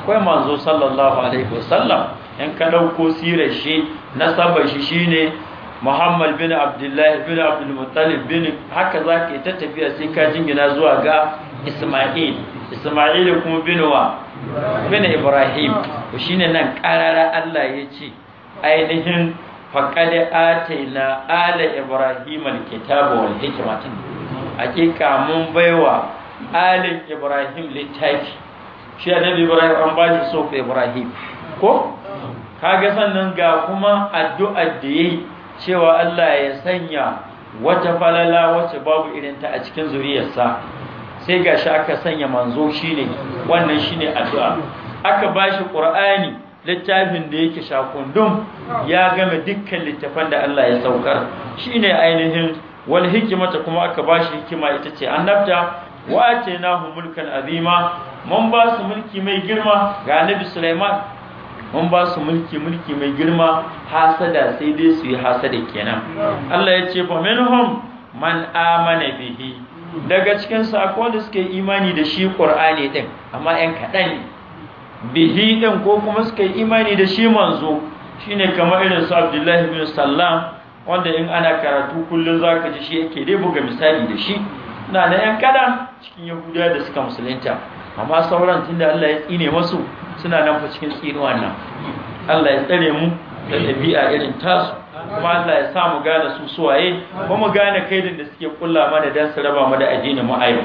akwai manzo sallallahu alaihi wasallam in ka ɗauko sirar shi nasabar shi shine muhammad bin Abdullah bin Muttalib bin haka zaka ita ta tafiya sai ka jingina zuwa ga isma'il isma'il kuma bin wa bin ibrahim to shine nan karara allah ya ce ainihin faqad atayna ala ibrahim alkitaba wal hikmata hakika mun baiwa alin ibrahim littafi shi annabi ibrahim an ba shi sofa ibrahim ko ka ga sannan ga kuma addu'ar da yayi cewa Allah ya sanya wata falala wacce babu ta a cikin zuriyarsa sai gashi aka sanya manzo shine wannan shine addu'a aka bashi qur'ani littafin da yake shakundum ya gama dukkan littafan da Allah ya saukar Shi ne ainihin wal hikimata kuma aka ba shi hikima ita ce annabta wa nahu mulkan azima mun ba su mulki mai girma ga nabi Sulaiman mun ba su mulki mulki mai girma hasada sai dai su yi hasada kenan Allah ya ce fa minhum man amana bihi daga cikin su akwai da suka yi imani da shi Qur'ani din amma ɗan kaɗan bihi din ko kuma suka yi imani da shi manzo shine kamar irin su Abdullahi bin Sallam wanda in ana karatu kullum zaka ji shi yake dai buga misali da shi na da yan kada cikin yahudiya da suka musulunta amma sauran tunda Allah ya tsine masu suna nan fa cikin tsinuwa nan Allah ya tsare mu da ɗabi'a irin tasu kuma Allah ya sa mu gane su suwaye ba mu gane kaidin da suke kulla mana dan su raba mu da addinin mu ayo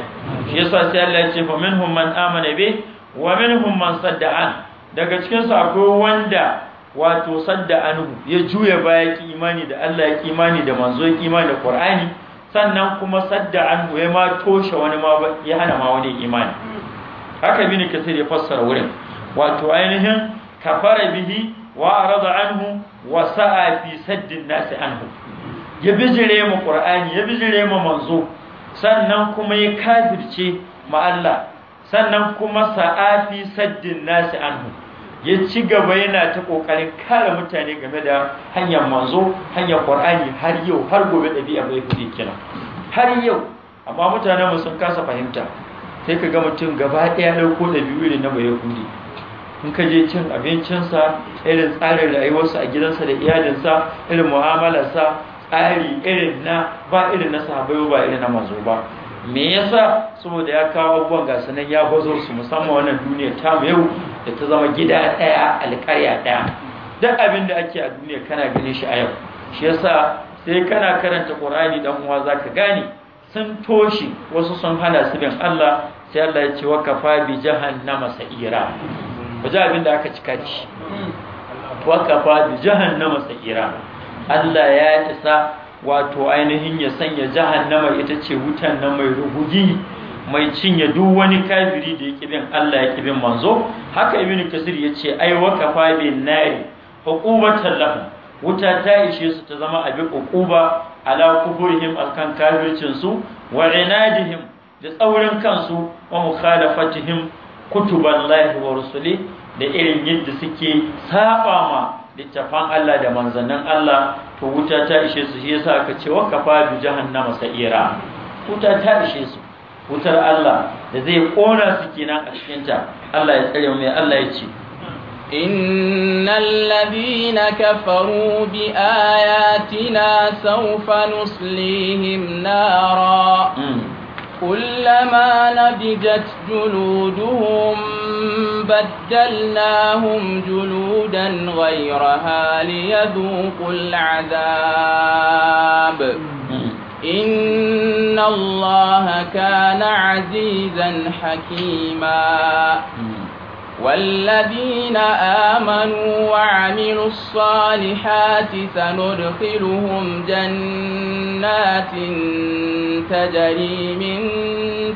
shi yasa sai Allah ya ce fa minhum man amana bi wa minhum man sadda daga cikin su akwai wanda wato sadda anhu ya juya baya ki imani da Allah ya ki imani da manzo ya ki imani da Qur'ani sannan kuma sadda an ya ma toshe wani ma ya hana ma wani imani haka bi ne ka sai ya fassara wurin wato ainihin kafara bihi wa arada anhu wa sa'a fi saddin nasi anhu ya bijire mu qur'ani ya bijire mu manzo sannan kuma ya kafirce ma Allah sannan kuma sa'a fi saddin nasi anhu ya ci gaba yana ta kokarin kare mutane game da hanyar manzo hanyar qur'ani har yau har gobe ɗabi'a bai kudi kina har yau amma mutane mu sun kasa fahimta sai ka ga mutum gaba ko ɗauko ɗabi'u ne na bai kudi in ka je cin abincinsa irin tsarin rayuwarsa a gidansa da iyalinsa irin mu'amalarsa tsari irin na ba irin na sahabbai ba irin na manzo ba me yasa saboda ya kawo abubuwan ga sanan ya bazo su musamman wannan duniya ta yau da ta zama gida ɗaya, alƙarya ɗaya? duk abin da ake a duniya kana ganin shi a yau shi yasa sai kana karanta Qur'ani dan uwa zaka gane sun toshi wasu sun hana su bin Allah sai Allah ya ce wa kafa bi jahannama sa'ira waje abin da aka cika shi wa kafa bi jahannama sa'ira Allah ya isa wato ainihin ya sanya jahannama ita ce wutan na mai rugugi mai cinye duk wani kafiri da ya bin Allah ya bin manzo haka ibn kasir ya ai wa kafa bin nari hukumatan lahu wuta ta ishe su ta zama abin uquba ala kuburihim akan kafircin su wa inadihim da tsaurin kansu wa mukhalafatihim kutuban wa rusuli da irin yadda suke saba ma littafan Allah da manzannin Allah to wuta ta ishe su shi yasa aka ce wa kafa bi jahannama sa'ira wuta ta ishe su wutar Allah da zai kona su kenan a cikin ta Allah ya tsare mu Allah ya ce إن الذين كفروا بآياتنا سوف نصليهم نارا كلما نضجت جلودهم بدلناهم جلودا غيرها ليذوقوا العذاب إن الله كان عزيزا حكيما والذين آمنوا وعملوا الصالحات سندخلهم جنات تجري من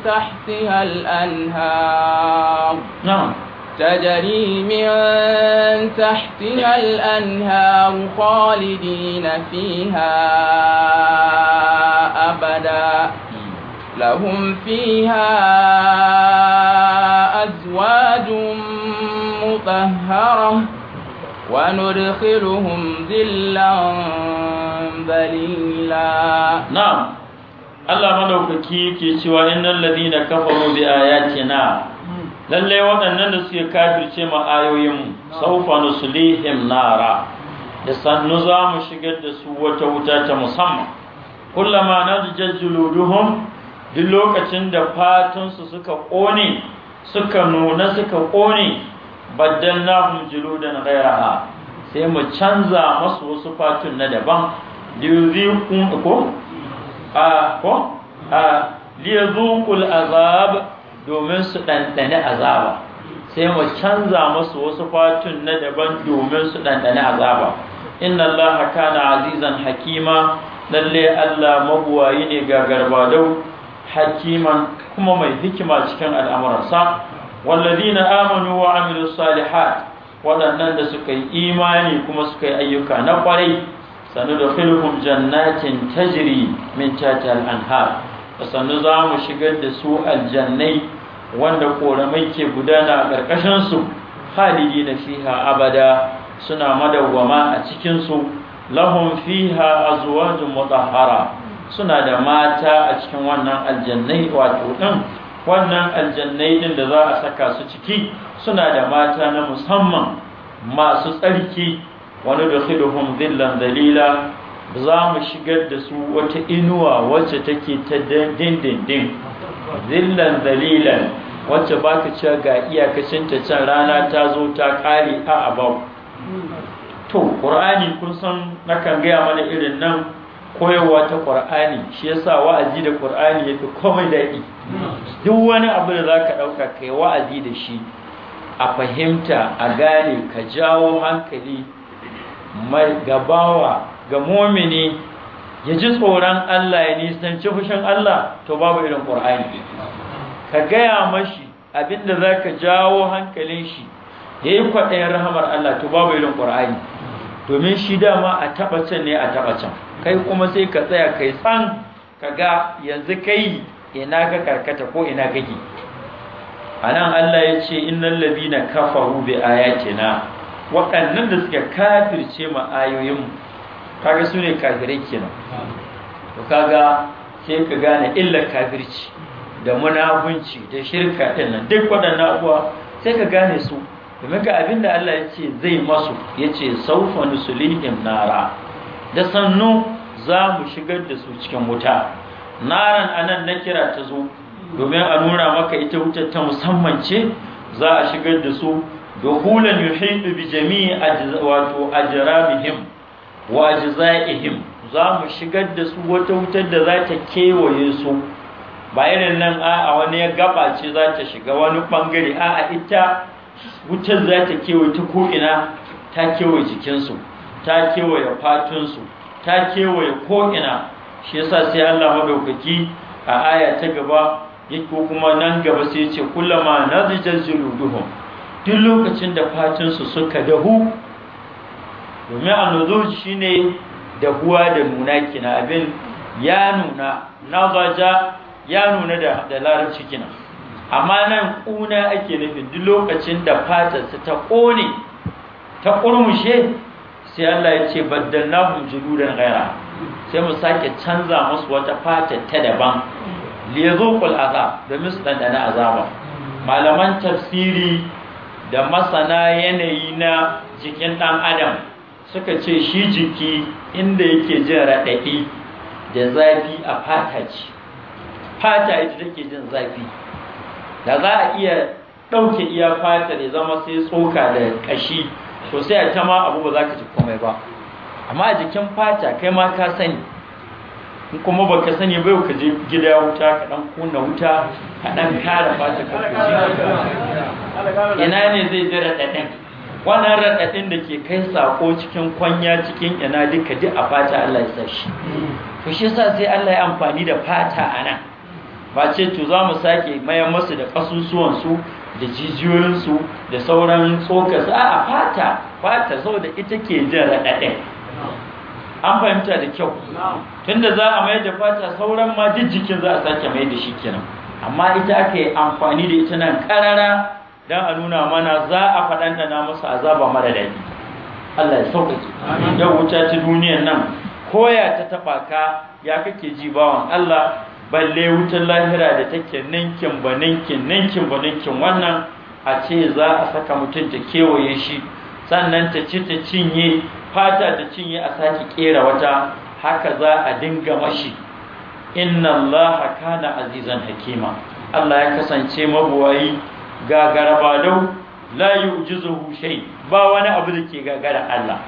تحتها الأنهار نعم تجري من تحتها الأنهار خالدين فيها أبداً لهم فيها أزواج مطهرة وندخلهم ذلا ذليلا نعم Allah madaukaki ke cewa innal ladina kafaru bi ayatina lalle waɗannan da suke kafirce ma ayoyin saufa nuslihim nara da sannu za mu shigar da su wata wuta ta musamman kullama najjal duk lokacin da fatansu suka ƙone suka nuna suka ƙone baddalnahum juludan ghayraha sai mu canza masu wasu fatun na daban liyuziqun ko a ko a liyazuqul azab domin su dandane azaba sai mu canza masu wasu fatun na daban domin su dandane azaba inna allaha kana azizan hakima lalle allah mabuwayi ne ga garbadau hakiman kuma mai hikima cikin al'amuransa na amanu wa amilu salihat waɗannan da suka yi imani kuma suka yi ayyuka na ƙwarai sanu da filhum jannatin tajiri min tata al'anhar da sannu za mu shigar da su aljannai wanda ƙoramai ke gudana a ƙarƙashinsu halidi na fiha abada suna madawwama a cikinsu lahum fiha azwajun mutahhara suna da mata a cikin wannan aljannai wato ɗin wannan aljannai ɗin da za a saka su ciki suna da mata na musamman masu tsarki wani da khiduhum zillan dalila za mu shigar da su wata inuwa wacce take ta dindindin zillan dalila wacce ba ka ce ga iyakacin ta can rana ta zo ta ƙare a abau to ƙur'ani kun san na kan gaya mana irin nan koyarwa ta ƙwar'ani shi yasa wa'azi da ƙur'ani yafi komai daɗi duk wani abu da za zaka ɗauka kai wa'azi da shi a fahimta a gane ka jawo hankali mai gabawa ga mumini ya ji tsoron Allah ya nisanci fushin Allah to babu irin ƙwar'ani ka gaya mashi abinda zaka jawo hankalin shi ya yi kwaɗayin rahamar Allah to babu irin ƙwar'ani domin shi dama a taɓa can ne a taɓa can kai kuma sai ka tsaya kai san kaga yanzu kai ina ka karkata ko ina kake anan Allah ya ce innal ladina kafaru bi ayatina waɗannan da suka kafirce ma ayoyin kaga su ne kafirai kenan to kaga sai ka gane illa kafirci da munafunci da shirka din nan duk waɗannan abuwa sai ka gane su domin ga abin Allah yace zai masu yace ce saufa nusulihim nara da sannu za mu shigar da su cikin wuta naran anan na kira ta zo domin a nuna maka ita wuta ta musamman ce za a shigar da su hulan yuhidu bi jami'i wato ajramihim wa ajza'ihim za mu shigar da su wata wutar da za ta kewaye su ba irin nan a wani ya gaba ce za ta shiga wani bangare a a ita wutar za ta kewaye ta ko'ina ta kewaye jikinsu ta kewaye fatunsu ta kewaye ko'ina shi yasa sai Allah madaukaki a aya ta gaba ko kuma nan gaba sai ce kullama nazijal juluduhum duk lokacin da fatunsu suka dahu domin annuzul shine dahuwa da nuna kina abin ya nuna nazaja ya nuna da da larabci kina amma nan kuna ake nufin duk lokacin da fatarsa ta kone ta kurmushe sai Allah ya ce baddalnahum juludan ghaira sai mu sake canza musu wata fata ta daban liyazuqul azab domin su dandana azaba malaman tafsiri da masana yanayi na jikin ɗan adam suka ce shi jiki inda yake jin raɗaɗi da zafi a fata ce fata ita take jin zafi da za a iya ɗauke iya fata da zama sai tsoka da ƙashi to sai ta ma abu ba za ka ji komai ba amma a jikin fata kai ma ka sani kuma ba ka sani bai ka je gida wuta ka dan kuna wuta ka dan kare fata ka ji ina ne zai ji raɗaɗin wannan raɗaɗin da ke kai sako cikin kwanya cikin ina duka duk a fata Allah ya sashi to shi yasa sai Allah ya amfani da fata a nan ba ce to za mu sake mayan masu da su. da jijiyoyinsu da sauran tsokarsu a fata fata da ita ke jin raɗaɗe an fahimta da kyau tunda za a mai da fata sauran ma jijjikin za a sake mai da shi kenan amma ita aka yi amfani da ita nan karara don a nuna mana za a faɗanɗana musu azaba mara daɗi Allah ya sauƙaƙe yau wuta ta duniyar nan koya ta taɓa ka ya kake ji bawan Allah balle wutar lahira da take ninkin ba ninkin ninkin ba ninkin wannan a ce za a saka mutum ta kewaye shi sannan ta ci ta cinye fata ta cinye a sake kera wata haka za a dinga mashi inna allaha kana azizan hakima Allah ya kasance mabuwayi gagarabadau la yu'jizuhu shay ba wani abu da ke gagara Allah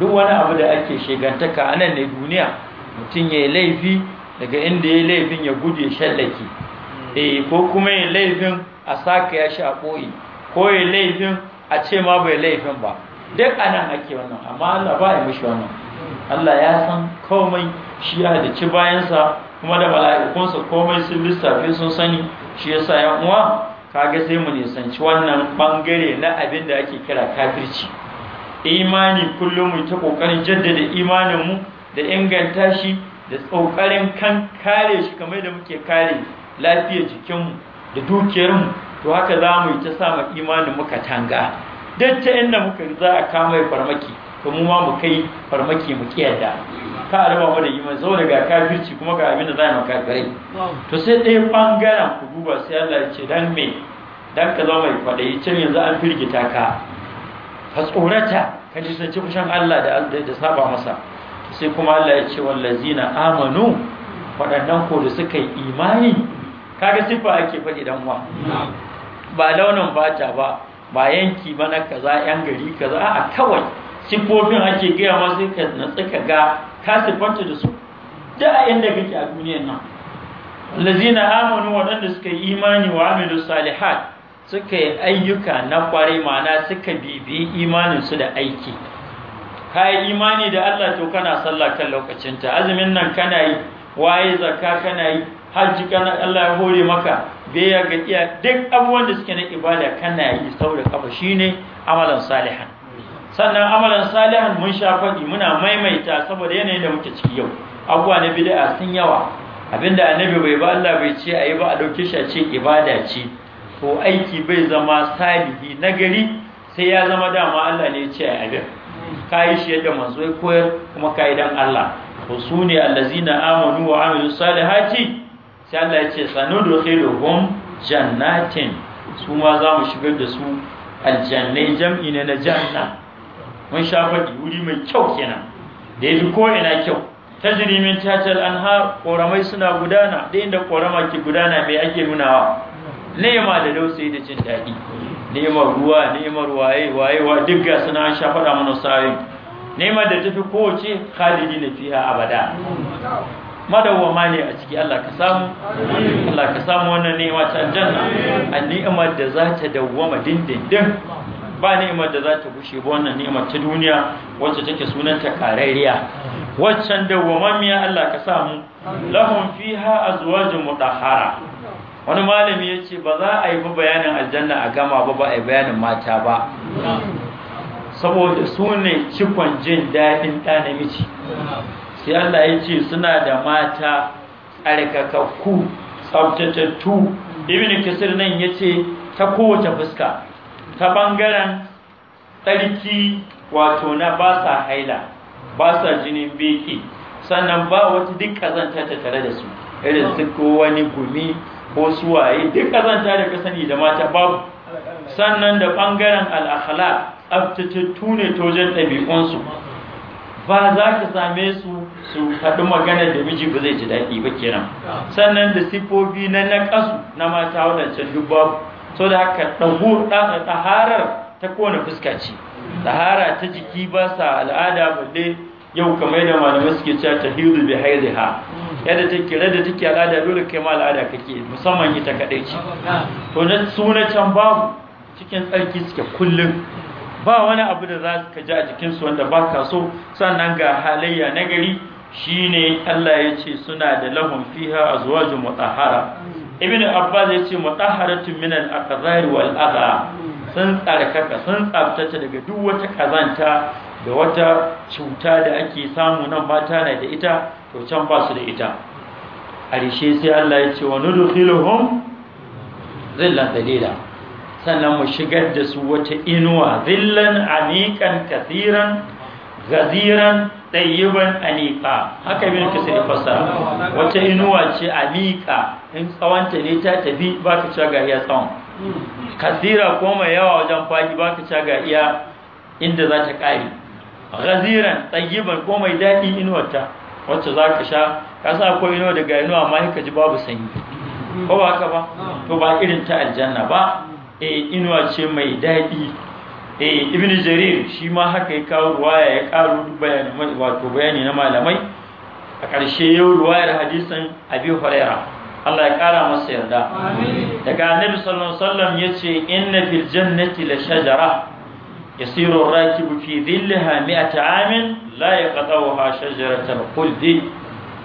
duk wani abu da ake shegantaka a nan ne duniya mutum ya laifi daga inda ya laifin ya gudu ya shallake hmm. eh ko kuma ya laifin a saka ya sha koyi ko ya laifin a ce ma bai laifin ba duk anan ake wannan amma Allah ba ya mishi wannan Allah ya san komai shi ya da ci bayansa kuma da mala'ikunsa komai sun lissafe sun sani shi yasa yan uwa kaga sai mu nisanci wannan bangare na abin da ake kira kafirci imani kullum mu ta kokarin jaddada imanin mu da inganta shi da tsokarin kan kare shi kamar da muke kare lafiyar jikinmu da dukiyarmu to haka za mu yi ta sama imanin muka tanga don ta inda muka za a kama farmaki to mu ma mu kai farmaki mu kiyarda ka alama mu da iman saboda ga kafirci kuma ga abin da za mu kafirai to sai ɗaya bangaren ku duba sai Allah ya ce dan me dan ka zama mai kwaɗayi can yanzu an firgita ka ka tsorata ka ji sun ci Allah da da saba masa sai kuma Allah ya ce wallazina amanu waɗannan ko da suka yi imani kaga sifa ake faɗi dan wa ba launin bata ba ba yanki ba na kaza yan gari kaza a kawai sifofin ake gaya masu ka na tsaka ga ka sifanta da su da a inda kake a duniyar nan Lazina amanu waɗanda suka yi imani wa amilu salihat suka yi ayyuka na kwarai ma'ana suka bibi imanin su da aiki ka yi imani da Allah to kana sallah kan lokacinta azumin nan kana yi waye zakka kana yi hajji kana Allah ya hore maka biya ga iya duk abubuwan da suke na ibada kana yi saboda kafa shine amalan salihan sannan amalan salihan mun sha faɗi muna maimaita saboda yanayin da muke ciki yau abuwa na bid'a sun yawa abinda annabi bai ba Allah bai ce ayi ba a dauke shi a ce ibada ce to aiki bai zama salihi nagari sai ya zama dama Allah ne ya ce ayi abin ka yi shi yadda masu ya koyar kuma ka yi dan Allah to su ne allazina amanu wa amilu salihati sai Allah ya ce sanudkhiluhum jannatin su ma za mu shigar da su aljannai jam'i ne na janna mun sha faɗi wuri mai kyau kenan da yafi ko ina kyau tajri min tahtil anhar koramai suna gudana da inda korama ke gudana mai ake nunawa nema da dausayi da jin daɗi ni'imar ruwa ni'imar waye waye wa duk ga suna an sha faɗa mana sa'in ni'imar da tafi kowace khalidi na fiha abada ma ne a ciki Allah ka samu Allah ka samu wannan ni'ima ta aljanna a ni'imar da za ta dawwama dindindin ba ni'imar da za ta gushe ba wannan ni'imar ta duniya wacce take sunanta karariya waccan dawwamammiya Allah ka samu lahum fiha azwajun mutahhara wani malami ya ce ba za a yi bayanin aljanna a gama ba ba a yi bayanin mata ba saboda su ne cikon jin daɗin ɗa namiji sai Allah ya ce suna da mata tsarkakakku tsaftatattu ibn kisir nan ya ce ta kowace fuska ta ɓangaren tsarki wato na ba sa haila ba sa jinin beki sannan ba wata duk ƙazanta ta tare da su irin su ko wani gumi ko waye duk kazanta da ka sani da mata babu sannan da ɓangaren al'akhlaq tsaftatattu tune ta wajen ɗabi'unsu ba za ka same su su haɗu magana da miji ba zai ji daɗi ba kenan sannan da sifofi na naƙasu na mata wadancan duk babu so da haka ɗago ɗaharar ta kowane fuska ce ɗahara ta jiki ba sa al'ada balle yau kamar da malamai suke cewa ta hiru bi ha. yadda take da take al'ada dole kai ma al'ada kake musamman ita kadai ce to na suna can babu cikin tsarki suke kullum ba wani abu da za ka ji a jikinsu wanda ba ka so sannan ga halayya na gari shine Allah ya ce suna da lahum fiha azwajun mutahhara ibn abbas ya ce mutahharatun min al aqdar wal adha sun tsarkaka sun tsabtace daga duk wata kazanta da wata cuta da ake samu nan mata na da ita to can ba su da ita rishe sai Allah ya ce wa nudkhiluhum zillan dalila sannan mu shigar da su wata inuwa zillan anikan kathiran gaziran tayyiban anika haka bin sai fasara wata inuwa ce anika in tsawanta ne ta tafi baka ci ga iya tsawon kasira ko mai yawa wajen faki baka ci ga iya inda za ta kare gaziran tayyiban ko mai daɗi inuwarta wacce za ka sha ka sa ko ino da daga inuwa ma ka ji babu sanyi ko ba haka ba to ba irin ta aljanna ba eh inuwa ce mai daɗi e ibn jarir shi ma haka ya kawo ruwaya ya karu wato bayani na malamai a ƙarshe yau ruwayar hadisin abi huraira Allah ya ƙara masa yarda daga annabi sallallahu alaihi wasallam yace inna fil jannati la shajara يسير الراكب في ظلها مئة عام لا يقطعها شجرة الخلد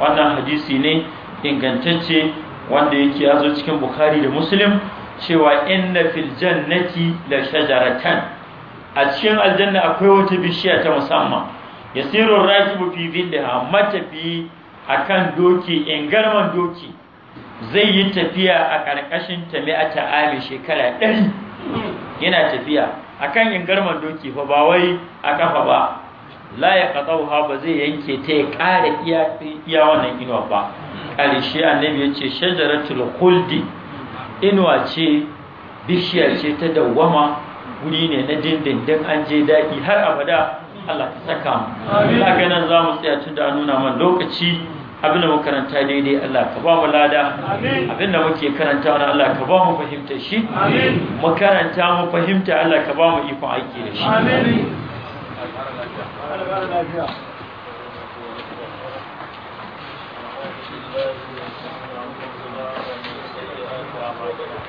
wannan hadisi ne ingantacce wanda yake yazo cikin bukhari da muslim cewa inna fil jannati la shajaratan a cikin aljanna akwai wata bishiya ta musamman yasiru rakibu fi zillaha matafi akan doki ingarman doki zai yi tafiya a karkashin ta mi'ata shekara ɗari yana tafiya akan ingarman doki fa ba wai a kafa ba la ya ha ba zai yanke ta ya ƙara iya iya wannan inuwa ba ƙarshe annabi ya ce shajaratul khuldi inuwa ce bishiya ce ta dawwama guri ne na dindindin an je daɗi har abada Allah ta saka mu. Amin. Haka nan za mu tsaya tun da nuna man lokaci abinda mu karanta daidai Allah ka ba mu lada abinda muke karanta wani Allah ka ba mu fahimta shi mu karanta mu fahimta Allah ka ba mu ikon aiki da shi Thank you.